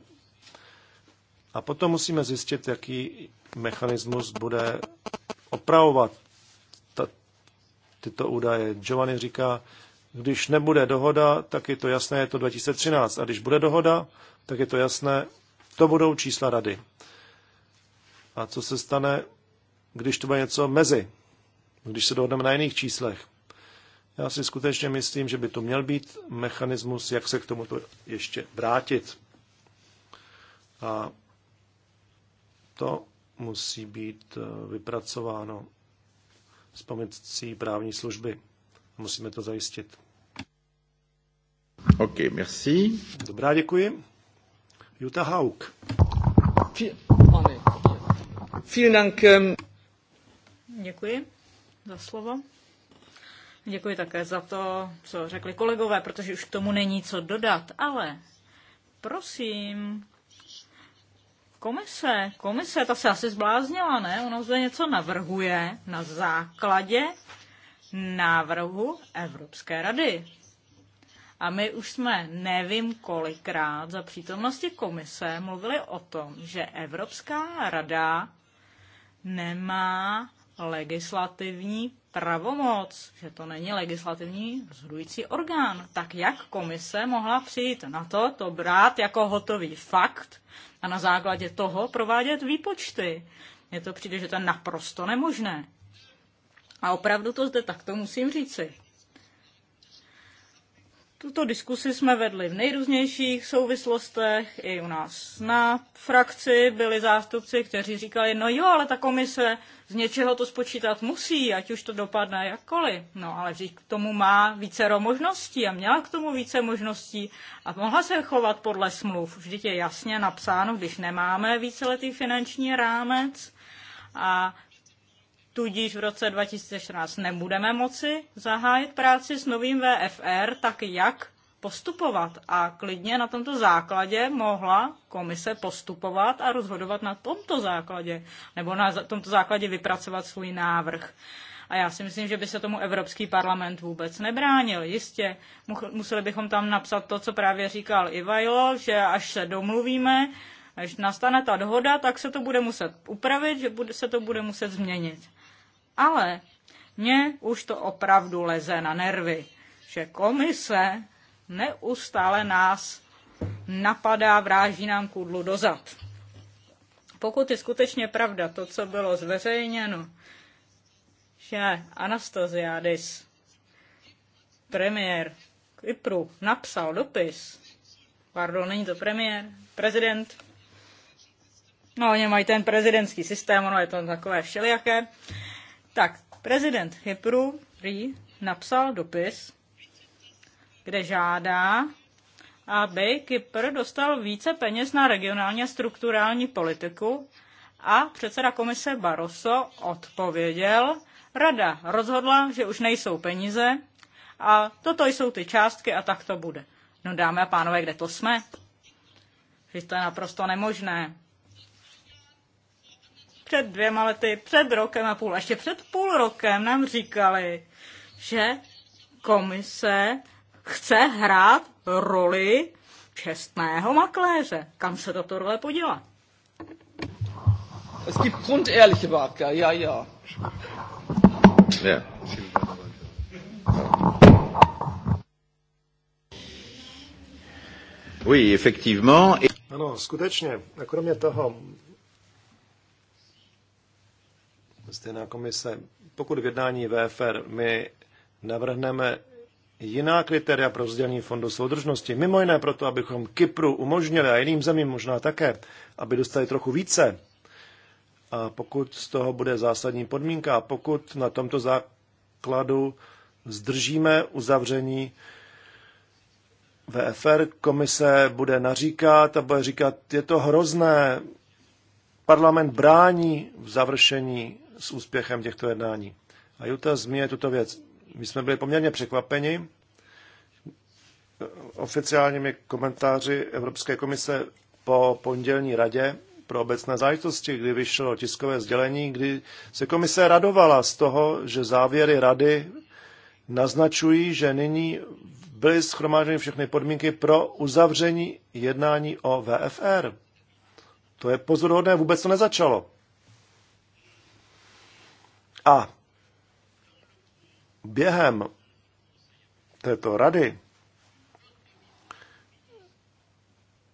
a potom musíme zjistit, jaký mechanismus bude opravovat ta, tyto údaje. Giovanni říká, když nebude dohoda, tak je to jasné, je to 2013. A když bude dohoda, tak je to jasné, to budou čísla rady. A co se stane, když to bude něco mezi, když se dohodneme na jiných číslech. Já si skutečně myslím, že by to měl být mechanismus, jak se k tomuto ještě vrátit. A to musí být eh, vypracováno s pomocí právní služby. Musíme to zajistit. OK, merci. Dobrá, děkuji. Jutta Hauk. Vielen Dank. Ähm, děkuji za slovo. Děkuji také za to, co řekli kolegové, protože už k tomu není co dodat, ale prosím, Komise, komise, ta se asi zbláznila, ne? Ona zde něco navrhuje na základě návrhu Evropské rady. A my už jsme nevím kolikrát za přítomnosti komise mluvili o tom, že Evropská rada nemá legislativní pravomoc, že to není legislativní rozhodující orgán. Tak jak komise mohla přijít na to, to brát jako hotový fakt a na základě toho provádět výpočty? Mně to přijde, že to je naprosto nemožné. A opravdu to zde takto musím říci. Tuto diskusi jsme vedli v nejrůznějších souvislostech, i u nás na frakci byli zástupci, kteří říkali, no jo, ale ta komise z něčeho to spočítat musí, ať už to dopadne jakkoliv. No ale vždyť k tomu má více možností a měla k tomu více možností a mohla se chovat podle smluv. Vždyť je jasně napsáno, když nemáme víceletý finanční rámec a Tudíž v roce 2014 nebudeme moci zahájit práci s novým VFR, tak jak postupovat. A klidně na tomto základě mohla komise postupovat a rozhodovat na tomto základě, nebo na tomto základě vypracovat svůj návrh. A já si myslím, že by se tomu Evropský parlament vůbec nebránil. Jistě, museli bychom tam napsat to, co právě říkal Ivajlo, že až se domluvíme, až nastane ta dohoda, tak se to bude muset upravit, že se to bude muset změnit. Ale mně už to opravdu leze na nervy, že komise neustále nás napadá, vráží nám kudlu dozad. Pokud je skutečně pravda to, co bylo zveřejněno, že Anastasiadis, premiér Kypru, napsal dopis, pardon, není to premiér, prezident, no oni mají ten prezidentský systém, ono je to takové všelijaké, tak, prezident Kypru napsal dopis, kde žádá, aby Kypr dostal více peněz na regionální a strukturální politiku a předseda komise Barroso odpověděl, rada rozhodla, že už nejsou peníze a toto jsou ty částky a tak to bude. No dámy a pánové, kde to jsme? Že to je naprosto nemožné před dvěma lety, před rokem a půl, ještě před půl rokem nám říkali, že komise chce hrát roli čestného makléře. Kam se tato role podělá? Es gibt grundehrliche Makler, ja, ja. Ja. Oui, effectivement. Ano, skutečně. A kromě toho stejná komise, pokud v jednání VFR my navrhneme jiná kritéria pro rozdělení fondu soudržnosti, mimo jiné proto, abychom Kypru umožnili a jiným zemím možná také, aby dostali trochu více. A pokud z toho bude zásadní podmínka, a pokud na tomto základu zdržíme uzavření VFR, komise bude naříkat a bude říkat, je to hrozné, parlament brání v završení s úspěchem těchto jednání. A Juta zmíně tuto věc. My jsme byli poměrně překvapeni oficiálními komentáři Evropské komise po pondělní radě pro obecné záležitosti, kdy vyšlo tiskové sdělení, kdy se komise radovala z toho, že závěry rady naznačují, že nyní byly schromáženy všechny podmínky pro uzavření jednání o VFR. To je pozoruhodné, vůbec to nezačalo. A během této rady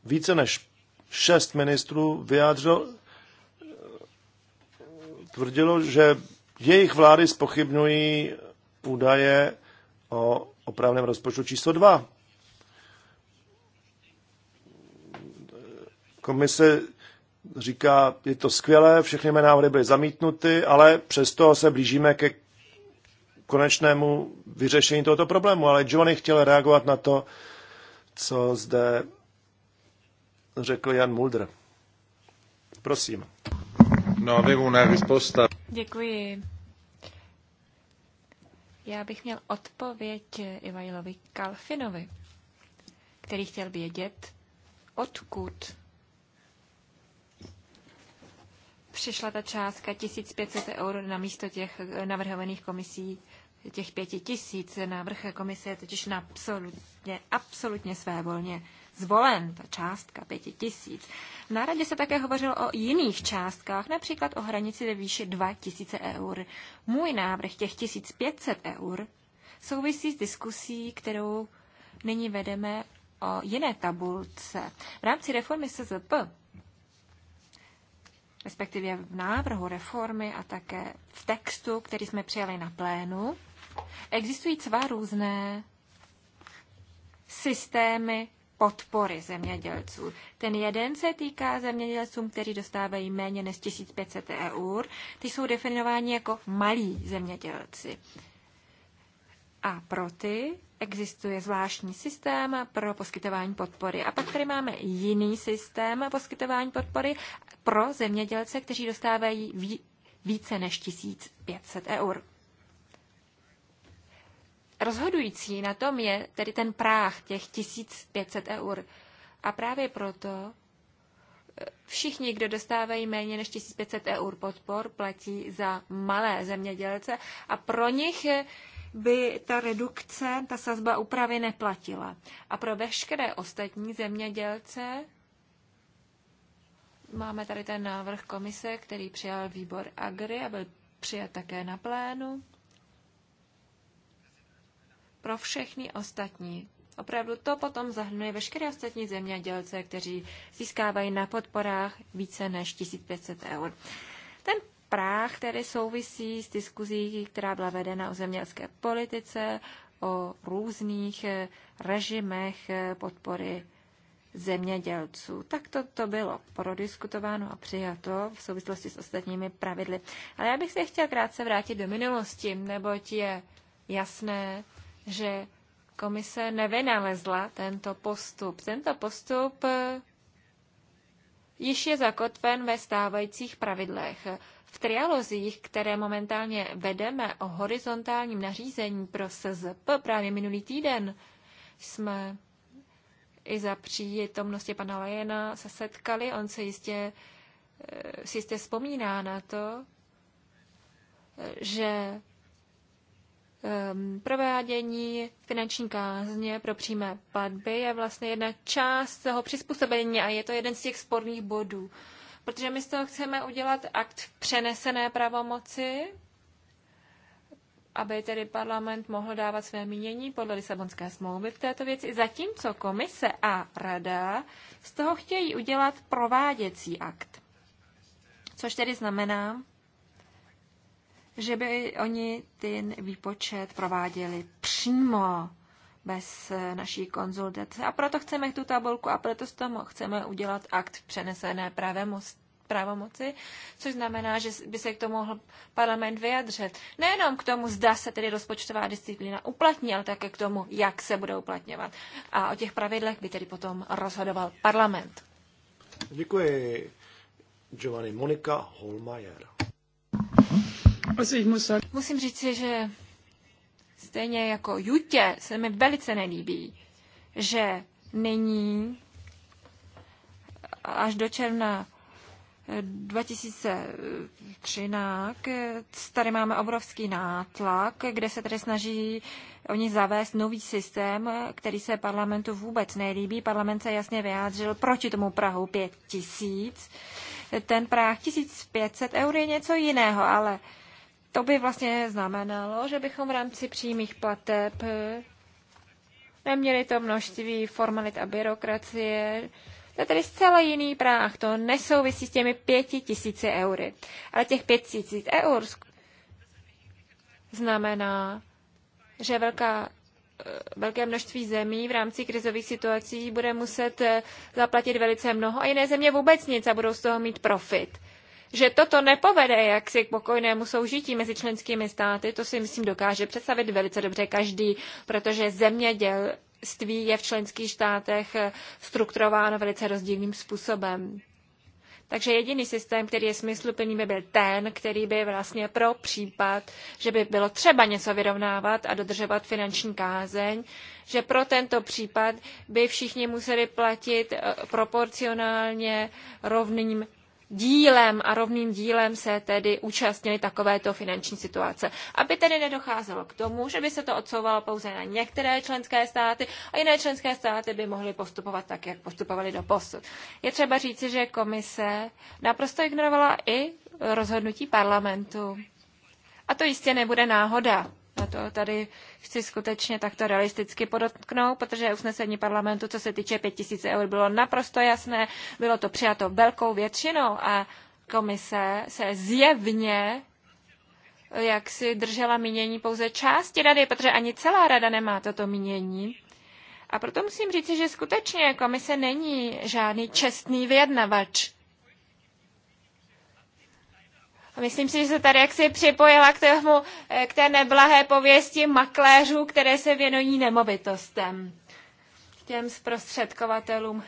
více než šest ministrů vyjádřilo, tvrdilo, že jejich vlády spochybňují údaje o opravném rozpočtu číslo 2. Komise říká, je to skvělé, všechny mé návrhy byly zamítnuty, ale přesto se blížíme ke konečnému vyřešení tohoto problému. Ale Giovanni chtěl reagovat na to, co zde řekl Jan Mulder. Prosím. No, una risposta. Děkuji. Já bych měl odpověď Ivajlovi Kalfinovi, který chtěl vědět, odkud přišla ta částka 1500 eur na místo těch navrhovaných komisí těch pěti tisíc. Návrh komise je totiž absolutně, absolutně svévolně zvolen, ta částka pěti tisíc. V náradě se také hovořilo o jiných částkách, například o hranici ve výši 2000 eur. Můj návrh těch 1500 eur souvisí s diskusí, kterou nyní vedeme o jiné tabulce. V rámci reformy SZP respektive v návrhu reformy a také v textu, který jsme přijali na plénu, existují dva různé systémy podpory zemědělců. Ten jeden se týká zemědělcům, kteří dostávají méně než 1500 eur. Ty jsou definováni jako malí zemědělci. A pro ty existuje zvláštní systém pro poskytování podpory. A pak tady máme jiný systém poskytování podpory pro zemědělce, kteří dostávají více než 1500 eur. Rozhodující na tom je tedy ten práh těch 1500 eur. A právě proto eh, všichni, kdo dostávají méně než 1500 eur podpor, platí za malé zemědělce a pro nich by ta redukce, ta sazba úpravy neplatila. A pro veškeré ostatní zemědělce Máme tady ten návrh komise, který přijal výbor Agri a byl přijat také na plénu. Pro všechny ostatní. Opravdu to potom zahrnuje veškeré ostatní zemědělce, kteří získávají na podporách více než 1500 eur. Ten práh který souvisí s diskuzí, která byla vedena o zemědělské politice, o různých eh, režimech eh, podpory zemědělců. Tak to, to bylo prodiskutováno a přijato v souvislosti s ostatními pravidly. Ale já bych se chtěl krátce vrátit do minulosti, neboť je jasné, že komise nevynalezla tento postup. Tento postup eh, již je zakotven ve stávajících pravidlech. V trialozích, které momentálně vedeme o horizontálním nařízení pro SZP právě minulý týden, jsme i za přítomnosti pana Lajena se setkali. On se jistě, eh, si jistě vzpomíná na to, eh, že um, provádění finanční kázně pro přímé platby je vlastně jedna část toho přizpůsobení a je to jeden z těch sporných bodů. Protože my z toho chceme udělat akt přenesené pravomoci, aby tedy parlament mohl dávat své mínění podle Lisabonské smlouvy v této věci, zatímco komise a rada z toho chtějí udělat prováděcí akt. Což tedy znamená, že by oni ten výpočet prováděli přímo bez naší konzultace. A proto chceme tu tabulku a proto z toho chceme udělat akt v přenesené mosti pravomoci, což znamená, že by se k tomu mohl parlament vyjadřit. Nejenom k tomu, zda se tedy rozpočtová disciplína uplatní, ale také k tomu, jak se bude uplatňovat. A o těch pravidlech by tedy potom rozhodoval parlament. Děkuji. Giovanni Monika Holmajer. Musím říct, že stejně jako Jutě se mi velice nelíbí, že nyní až do června 2013 tady máme obrovský nátlak, kde se tedy snaží oni zavést nový systém, který se parlamentu vůbec nelíbí. Parlament se jasně vyjádřil proti tomu Prahu 5000. Ten Prah 1500 eur je něco jiného, ale to by vlastně znamenalo, že bychom v rámci přímých plateb neměli to množství formalit a byrokracie, to je tedy zcela jiný práh, to nesouvisí s těmi pěti tisíci eury. Ale těch pět tisíc eur znamená, že velká eh, velké množství zemí v rámci krizových situací bude muset eh, zaplatit velice mnoho a jiné země vůbec nic a budou z toho mít profit. Že toto nepovede jaksi k pokojnému soužití mezi členskými státy, to si myslím dokáže představit velice dobře každý, protože zeměděl, školství je v členských státech eh, strukturováno velice rozdílným způsobem. Takže jediný systém, který je smysluplný, by byl ten, který by vlastně pro případ, že by bylo třeba něco vyrovnávat a dodržovat finanční kázeň, že pro tento případ by všichni museli platit eh, proporcionálně rovným dílem a rovným dílem se tedy účastnili takovéto finanční situace. Aby tedy nedocházelo k tomu, že by se to odsouvalo pouze na některé členské státy a jiné členské státy by mohly postupovat tak, jak postupovali do posud. Je třeba říci, že komise naprosto ignorovala i rozhodnutí parlamentu. A to jistě nebude náhoda. To tady chci skutečně takto realisticky podotknout, protože usnesení parlamentu, co se týče 5000 eur, bylo naprosto jasné, bylo to přijato velkou většinou a komise se zjevně jak si držela mínění pouze části rady, protože ani celá rada nemá toto mínění. A proto musím říct, že skutečně komise není žádný čestný vyjednavač. A myslím si, že se tady jaksi připojila k, tomu, eh, k té neblahé pověsti makléřů, které se věnují nemovitostem těm zprostředkovatelům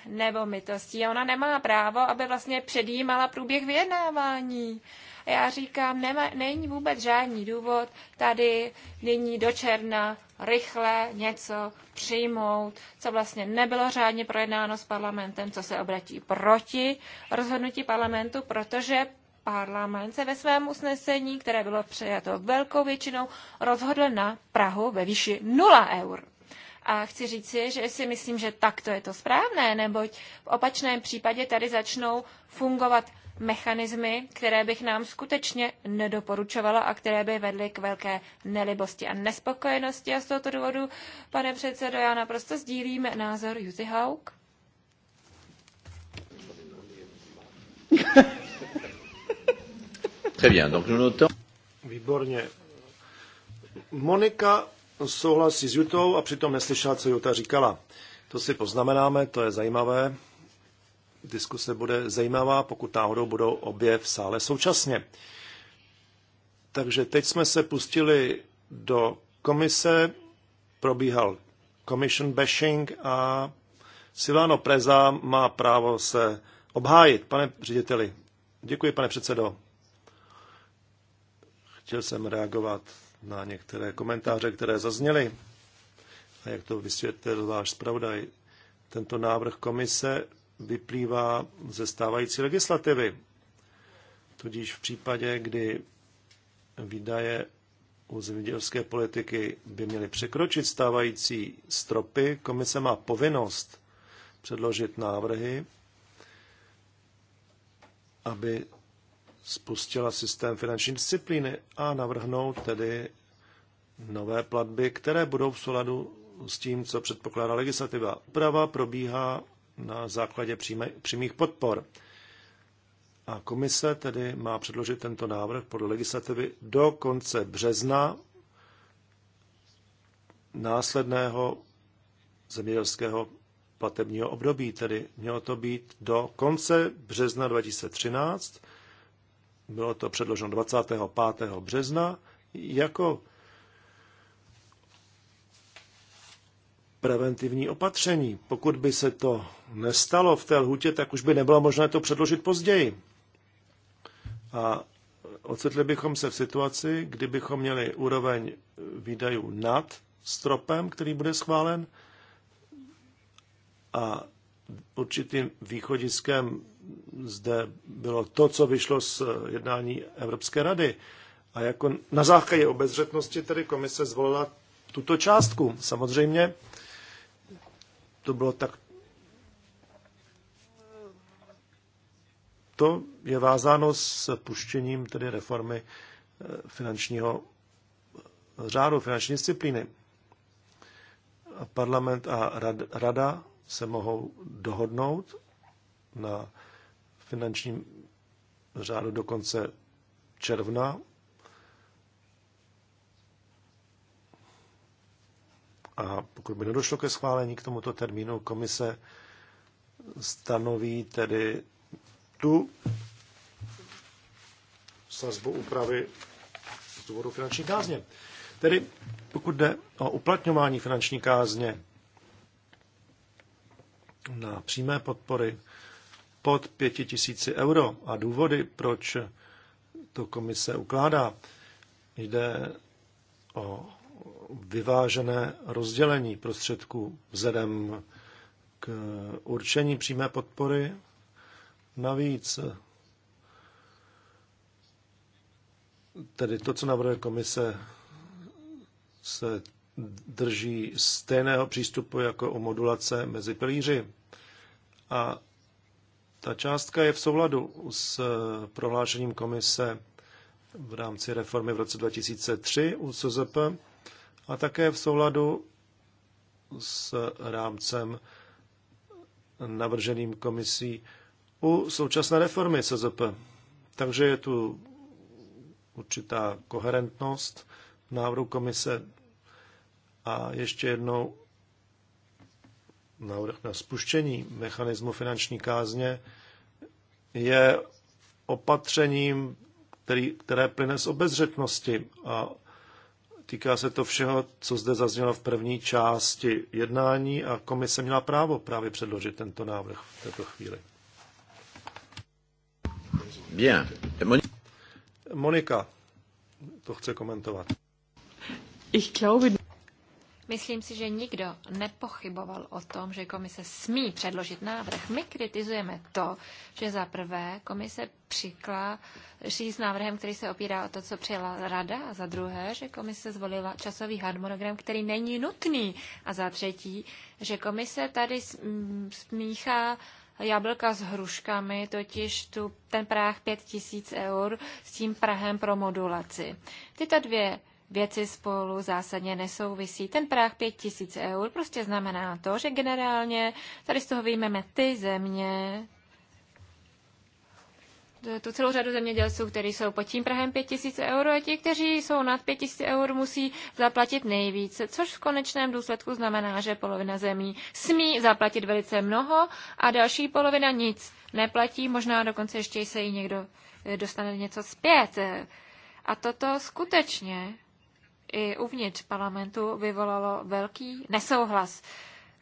mytostí. Ona nemá právo, aby vlastně předjímala průběh vyjednávání. já říkám, nema, není vůbec žádný důvod tady nyní do června rychle něco přijmout, co vlastně nebylo řádně projednáno s parlamentem, co se obratí proti rozhodnutí parlamentu, protože parlament se ve svém usnesení, které bylo přijato velkou většinou, rozhodl na Prahu ve výši 0 eur. A chci říci, že si myslím, že takto je to správné, neboť v opačném případě tady začnou fungovat mechanismy, které bych nám skutečně nedoporučovala a které by vedly k velké nelibosti a nespokojenosti. A z tohoto důvodu, pane předsedo, já naprosto sdílím názor Juzi Hauk. Très bien, donc nous notons... Výborně. Monika souhlasí s Jutou a přitom neslyšela, co Juta říkala. To si poznamenáme, to je zajímavé. Diskuse bude zajímavá, pokud náhodou budou obě v sále současně. Takže teď jsme se pustili do komise, probíhal commission bashing a Silvano Preza má právo se obhájit. Pane řediteli, děkuji, pane předsedo. Chtěl jsem reagovat na některé komentáře, které zazněly. A jak to vysvětlil váš zpravodaj, tento návrh komise vyplývá ze stávající legislativy. Tudíž v případě, kdy výdaje u zemědělské politiky by měly překročit stávající stropy, komise má povinnost předložit návrhy, aby spustila systém finanční disciplíny a navrhnout tedy nové platby, které budou v souladu s tím, co předpokládá legislativa. Prava probíhá na základě přímých podpor. A komise tedy má předložit tento návrh podle legislativy do konce března následného zemědělského platebního období, tedy mělo to být do konce března 2013 bylo to předloženo 25. března jako preventivní opatření. Pokud by se to nestalo v té lhutě, tak už by nebylo možné to předložit později. A ocitli bychom se v situaci, kdybychom měli úroveň výdajů nad stropem, který bude schválen, a určitým východiskem zde bylo to, co vyšlo z jednání Evropské rady. A jako na základě obezřetnosti tedy komise zvolila tuto částku. Samozřejmě to bylo tak. To je vázáno s puštěním tedy reformy eh, finančního eh, řádu, finanční disciplíny. Parlament a rada se mohou dohodnout na finančním řádu do konce června. A pokud by nedošlo ke schválení k tomuto termínu, komise stanoví tedy tu sazbu úpravy z důvodu finanční kázně. Tedy pokud jde o uplatňování finanční kázně, na přímé podpory pod 5000 euro a důvody, proč to komise ukládá, jde o vyvážené rozdělení prostředků vzhledem k určení přímé podpory. Navíc tedy to, co navrhuje komise, se drží stejného přístupu jako u modulace mezi pilíři. A ta částka je v souladu s eh, prohlášením komise v rámci reformy v roce 2003 u SZP a také v souladu s rámcem navrženým komisí u současné reformy SZP. Takže je tu určitá koherentnost návrhu komise. A ještě jednou návrh na spuštění mechanismu finanční kázně je opatřením, který, které plyne z obezřetnosti a týká se to všeho, co zde zaznělo v první části jednání a komise měla právo právě předložit tento návrh v této chvíli. Bien. Monika to chce komentovat. Ich glaube... Myslím si, že nikdo nepochyboval o tom, že komise smí předložit návrh. My kritizujeme to, že za prvé komise přikla s návrhem, který se opírá o to, co přijela rada, a za druhé, že komise zvolila časový harmonogram, který není nutný, a za třetí, že komise tady smíchá jablka s hruškami, totiž tu, ten práh 5000 eur s tím prahem pro modulaci. Tyto dvě věci spolu zásadně nesouvisí. Ten práh 5000 eur prostě znamená to, že generálně tady z toho vyjmeme ty země, tu celou řadu zemědělců, kteří jsou pod tím Prahem 5000 euro a ti, kteří jsou nad 5000 eur, musí zaplatit nejvíce, což v konečném důsledku znamená, že polovina zemí smí zaplatit velice mnoho a další polovina nic neplatí, možná dokonce ještě se jí někdo eh, dostane něco zpět. A toto skutečně i uvnitř parlamentu vyvolalo velký nesouhlas.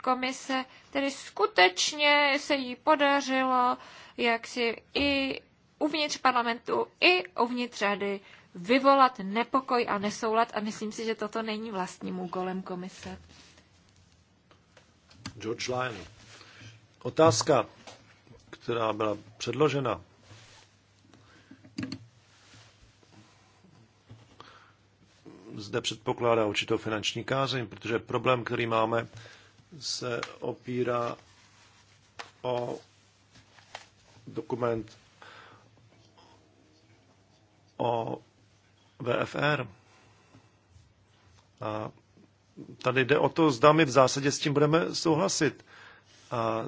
Komise tedy skutečně se jí podařilo, jak si i uvnitř parlamentu, i uvnitř rady vyvolat nepokoj a nesoulad a myslím si, že toto není vlastním úkolem komise. George Lyon. Otázka, která byla předložena zde předpokládá určitou finanční kázeň, protože problém, který máme, se opírá o dokument o VFR. A tady jde o to, zda my v zásadě s tím budeme souhlasit. A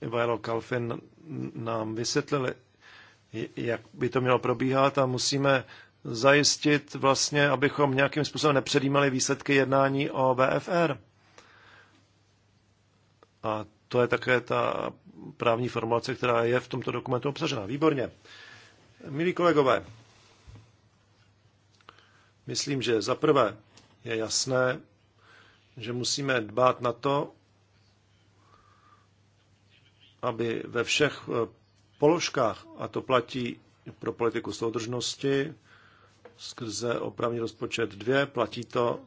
Ivajlo Kalfin nám vysvětlili, jak by to mělo probíhat a musíme zajistit vlastně, abychom nějakým způsobem nepředjímali výsledky jednání o BFR. A to je také ta právní formulace, která je v tomto dokumentu obsažena. Výborně. Milí kolegové, myslím, že za prvé je jasné, že musíme dbát na to, aby ve všech položkách, a to platí pro politiku soudržnosti skrze opravní rozpočet 2, platí to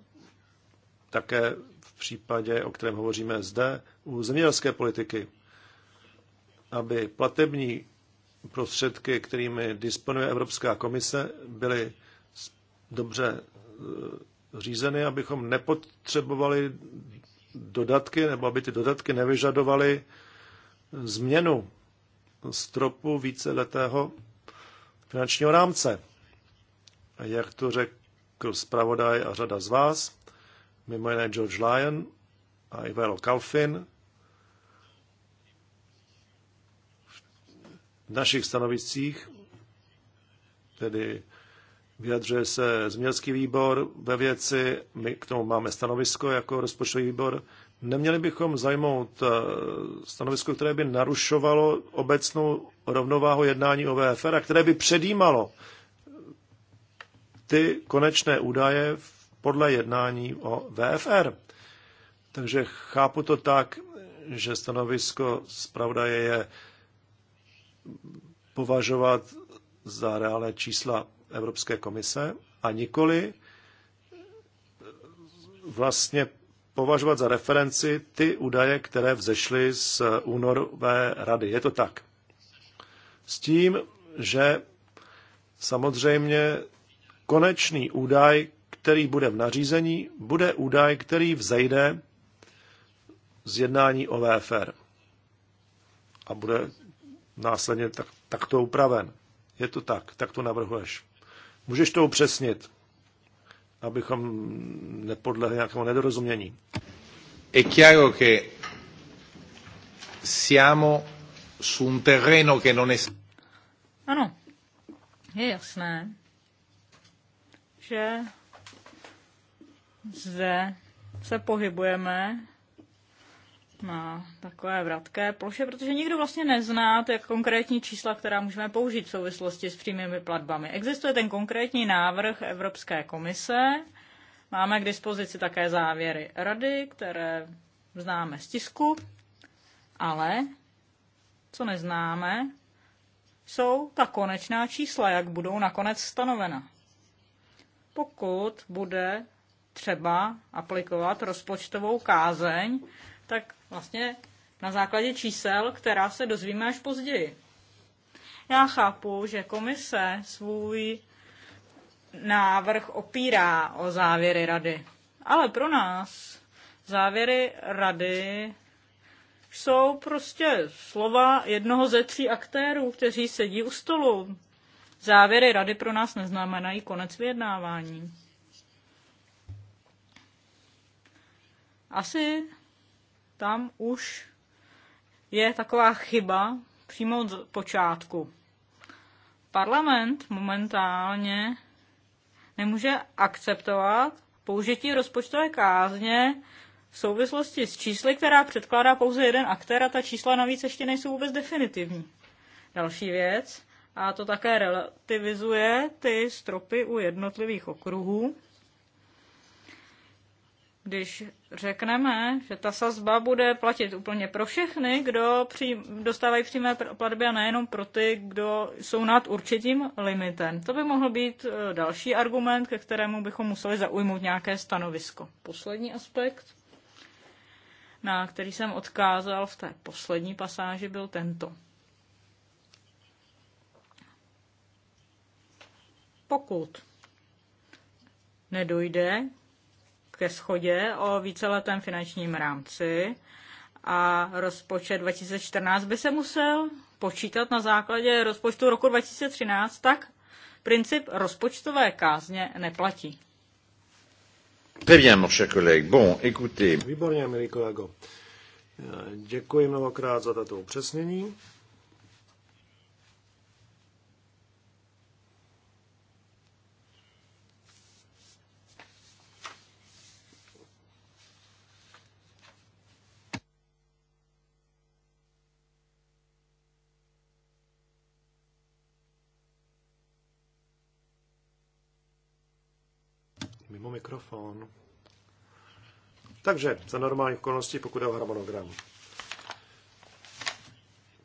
také v případě, o kterém hovoříme zde, u zemědělské politiky, aby platební prostředky, kterými disponuje Evropská komise, byly dobře eh, řízeny, abychom nepotřebovali dodatky, nebo aby ty dodatky nevyžadovaly změnu stropu víceletého finančního rámce. A jak to řekl zpravodaj a řada z vás, mimo jiné George Lyon a Ivelo Kalfin, v našich stanoviscích, tedy vyjadřuje se zemědělský výbor ve věci, my k tomu máme stanovisko jako rozpočtový výbor, Neměli bychom zajmout eh, stanovisko, které by narušovalo obecnou rovnováhu jednání o VFR a které by předjímalo ty konečné údaje podle jednání o VFR. Takže chápu to tak, že stanovisko zpravodaje je považovat za reálné čísla Evropské komise a nikoli vlastně považovat za referenci ty údaje, které vzešly z únorové rady. Je to tak. S tím, že samozřejmě konečný údaj, který bude v nařízení, bude údaj, který vzejde z jednání o VFR a bude následně tak, takto upraven. Je to tak, tak to navrhuješ. Můžeš to upřesnit abychom nepodlehli nějakému nedorozumění. È chiaro che siamo su un terreno che non è... Ano, je jasné, že zde se pohybujeme na takové vratké ploše, protože nikdo vlastně nezná ty konkrétní čísla, která můžeme použít v souvislosti s přímými platbami. Existuje ten konkrétní návrh Evropské komise, máme k dispozici také závěry rady, které známe z tisku, ale co neznáme, jsou ta konečná čísla, jak budou nakonec stanovena. Pokud bude třeba aplikovat rozpočtovou kázeň, tak vlastně na základě čísel, která se dozvíme až později. Já chápu, že komise svůj návrh opírá o závěry rady. Ale pro nás závěry rady jsou prostě slova jednoho ze tří aktérů, kteří sedí u stolu. Závěry rady pro nás neznamenají konec vyjednávání. Asi tam už je taková chyba přímo od počátku. Parlament momentálně nemůže akceptovat použití rozpočtové kázně v souvislosti s čísly, která předkládá pouze jeden aktér a ta čísla navíc ještě nejsou vůbec definitivní. Další věc, a to také relativizuje ty stropy u jednotlivých okruhů, když řekneme, že ta sazba bude platit úplně pro všechny, kdo přijím, dostávají přímé platby a nejenom pro ty, kdo jsou nad určitým limitem. To by mohl být eh, další argument, ke kterému bychom museli zaujmout nějaké stanovisko. Poslední aspekt, na který jsem odkázal v té poslední pasáži, byl tento. Pokud nedojde ke schodě o víceletém finančním rámci a rozpočet 2014 by se musel počítat na základě rozpočtu roku 2013, tak princip rozpočtové kázně neplatí. Très bien, mon cher collègue. Bon, écoutez. Výborně, milý kolego. Děkuji mnohokrát za tato upřesnění. mikrofon. Takže za normální okolnosti, pokud je o harmonogram.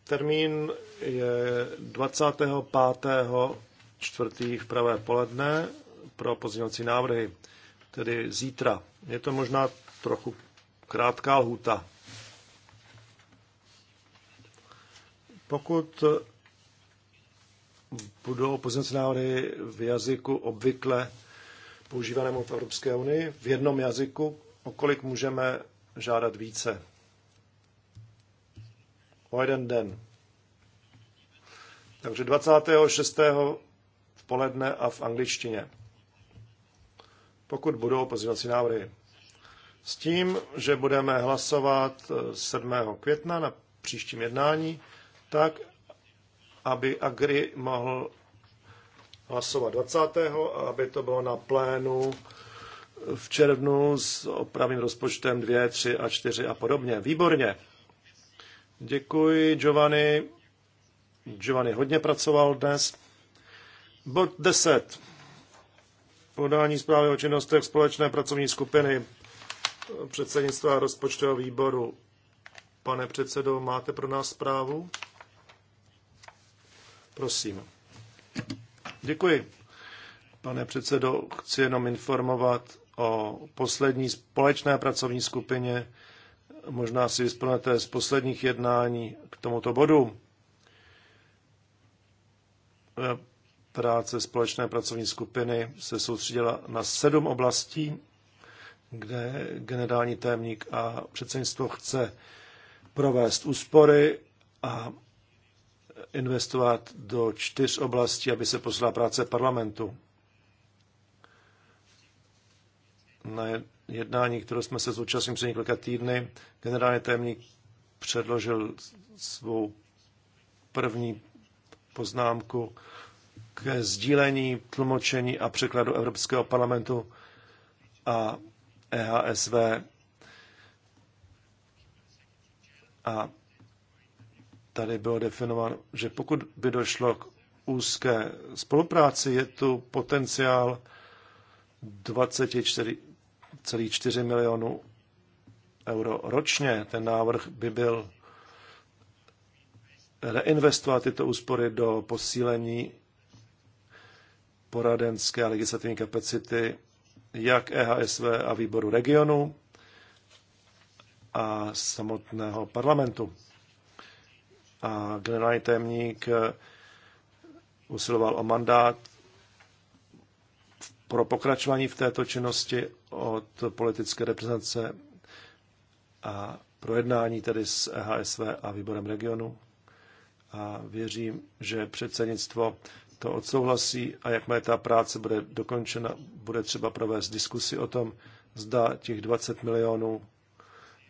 Termín je 25.4. v pravé poledne pro pozdělací návrhy, tedy zítra. Je to možná trochu krátká lhůta. Pokud budou pozdějovací návrhy v jazyku obvykle používanému v Evropské unii v jednom jazyku, o kolik můžeme žádat více. O jeden den. Takže 26. v poledne a v angličtině. Pokud budou pozivací návrhy. S tím, že budeme hlasovat 7. května na příštím jednání, tak aby Agri mohl hlasovat 20. a aby to bylo na plénu v červnu s opravným rozpočtem 2, 3 a 4 a podobně. Výborně. Děkuji, Giovanni. Giovanni hodně pracoval dnes. Bod 10. Podání zprávy o činnostech společné pracovní skupiny předsednictva rozpočtového výboru. Pane předsedo, máte pro nás zprávu? Prosím. Děkuji. Pane předsedo, chci jenom informovat o poslední společné pracovní skupině. Možná si vysplnete z posledních jednání k tomuto bodu. Práce společné pracovní skupiny se soustředila na sedm oblastí, kde generální témník a předsednictvo chce provést úspory a investovat do čtyř oblastí, aby se posila práce parlamentu. Na jednání, které jsme se zúčastnili před několika týdny, generální tajemník předložil svou první poznámku ke sdílení, tlumočení a překladu Evropského parlamentu a EHSV. A tady bylo definováno, že pokud by došlo k úzké spolupráci, je tu potenciál 24,4 milionů euro ročně. Ten návrh by byl reinvestovat tyto úspory do posílení poradenské a legislativní kapacity jak EHSV a výboru regionu a samotného parlamentu a generální témník eh, usiloval o mandát pro pokračování v této činnosti od politické reprezentace a projednání tedy s EHSV a výborem regionu. A věřím, že předsednictvo to odsouhlasí a jakmile ta práce bude dokončena, bude třeba provést diskusi o tom, zda těch 20 milionů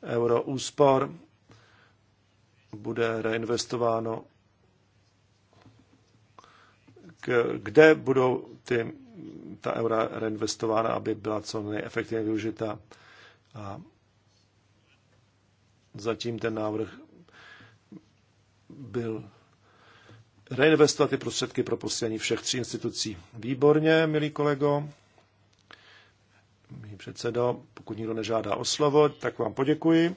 euro úspor bude reinvestováno, kde budou ty, ta eura reinvestována, aby byla co nejefektivně využita. A zatím ten návrh byl reinvestovat ty prostředky pro posílení všech tří institucí. Výborně, milí kolego. Milí předsedo, pokud nikdo nežádá o slovo, tak vám poděkuji.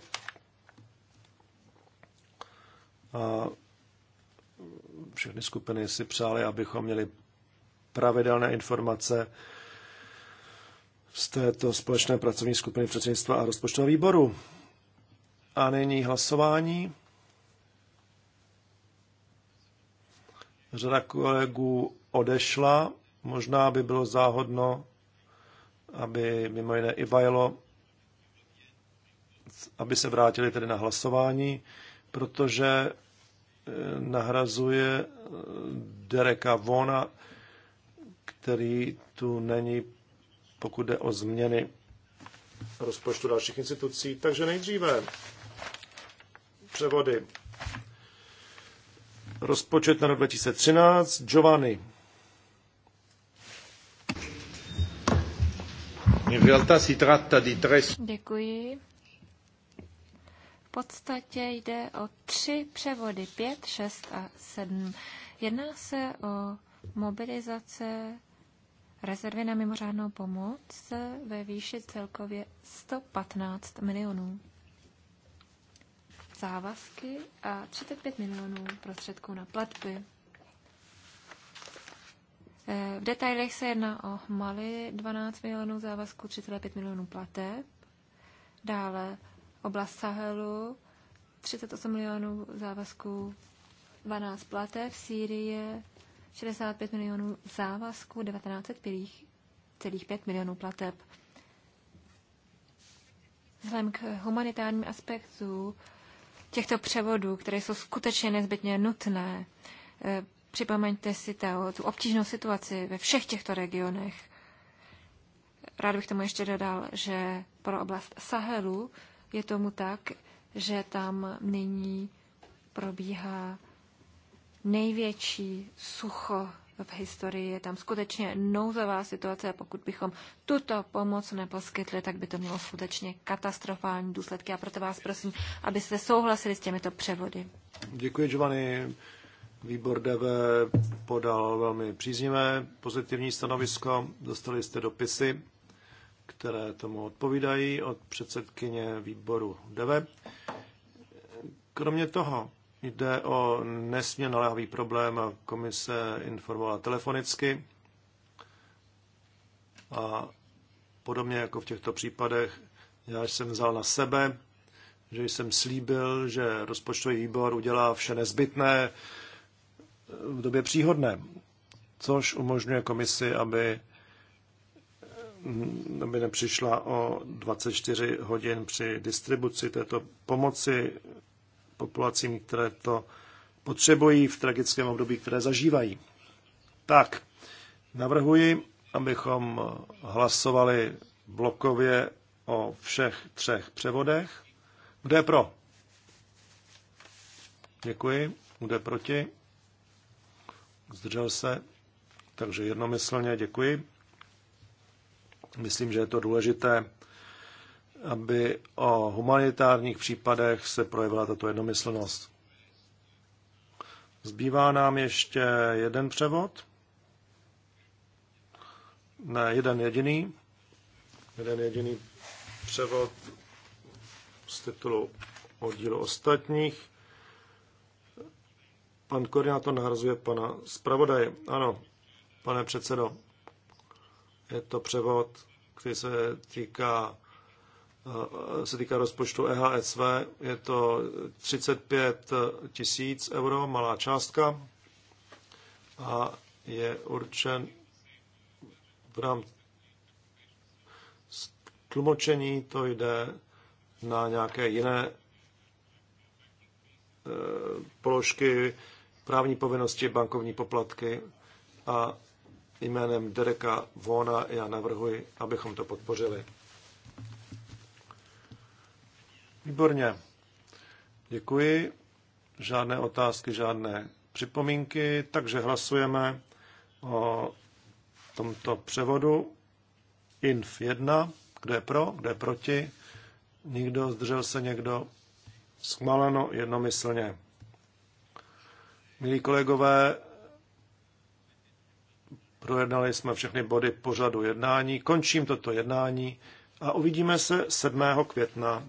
A všechny skupiny si přáli, abychom měli pravidelné informace z této společné pracovní skupiny předsednictva a rozpočtového výboru. A nyní hlasování. Řada kolegů odešla. Možná by bylo záhodno, aby mimo jiné i Vajlo, aby se vrátili tedy na hlasování protože eh, nahrazuje eh, Dereka Vona, který tu není, pokud jde o změny rozpočtu dalších institucí. Takže nejdříve převody. Rozpočet na rok 2013, Giovanni. Děkuji podstatě jde o tři převody, pět, šest a sedm. Jedná se o mobilizace rezervy na mimořádnou pomoc ve výši celkově 115 milionů. Závazky a 35 milionů prostředků na platby. Eh, v detailech se jedná o Mali 12 milionů závazků, 3,5 milionů plateb, dále oblast Sahelu, 38 milionů závazků, 12 v Sýrii, 65 milionů závazků, 19,5 milionů plateb. Vzhledem k humanitárním aspektu těchto převodů, které jsou skutečně nezbytně nutné, eh, připomeňte si to, tu obtížnou situaci ve všech těchto regionech. Rád bych tomu ještě dodal, že pro oblast Sahelu je tomu tak, že tam nyní probíhá největší sucho v historii. Je tam skutečně nouzová situace a pokud bychom tuto pomoc neposkytli, tak by to mělo skutečně katastrofální důsledky. A proto vás prosím, abyste souhlasili s těmito převody. Děkuji, Giovanni. Výbor DV podal velmi příznivé pozitivní stanovisko. Dostali jste dopisy které tomu odpovídají od předsedkyně výboru DEVE. Kromě toho jde o nesmírně naléhavý problém. a Komise informovala telefonicky a podobně jako v těchto případech já jsem vzal na sebe, že jsem slíbil, že rozpočtový výbor udělá vše nezbytné v době příhodné, což umožňuje komisi, aby Mm-hmm. aby nepřišla o 24 hodin při distribuci této pomoci populacím, které to potřebují v tragickém období, které zažívají. Tak, navrhuji, abychom hlasovali blokově o všech třech převodech. Kdo je pro? Děkuji. Kdo je proti? Zdržel se? Takže jednomyslně děkuji. Myslím, že je to důležité, aby o humanitárních případech se projevila tato jednomyslnost. Zbývá nám ještě jeden převod. Ne, jeden jediný. Jeden jediný převod z titulu oddílu ostatních. Pan koordinátor nahrazuje pana zpravodaje. Ano, pane předsedo, je to převod, který se týká, eh, se týká rozpočtu EHSV. Je to 35 tisíc euro, malá částka. A je určen v rámci tlumočení, to jde na nějaké jiné eh, položky, právní povinnosti, bankovní poplatky a jménem Dereka Vona já navrhuji, abychom to podpořili. Výborně. Děkuji. Žádné otázky, žádné připomínky, takže hlasujeme o tomto převodu INF 1. Kdo je pro, kdo je proti? Nikdo, zdržel se někdo? schmaleno jednomyslně. Milí kolegové, Projednali jsme všechny body pořadu jednání. Končím toto jednání a uvidíme se 7. května.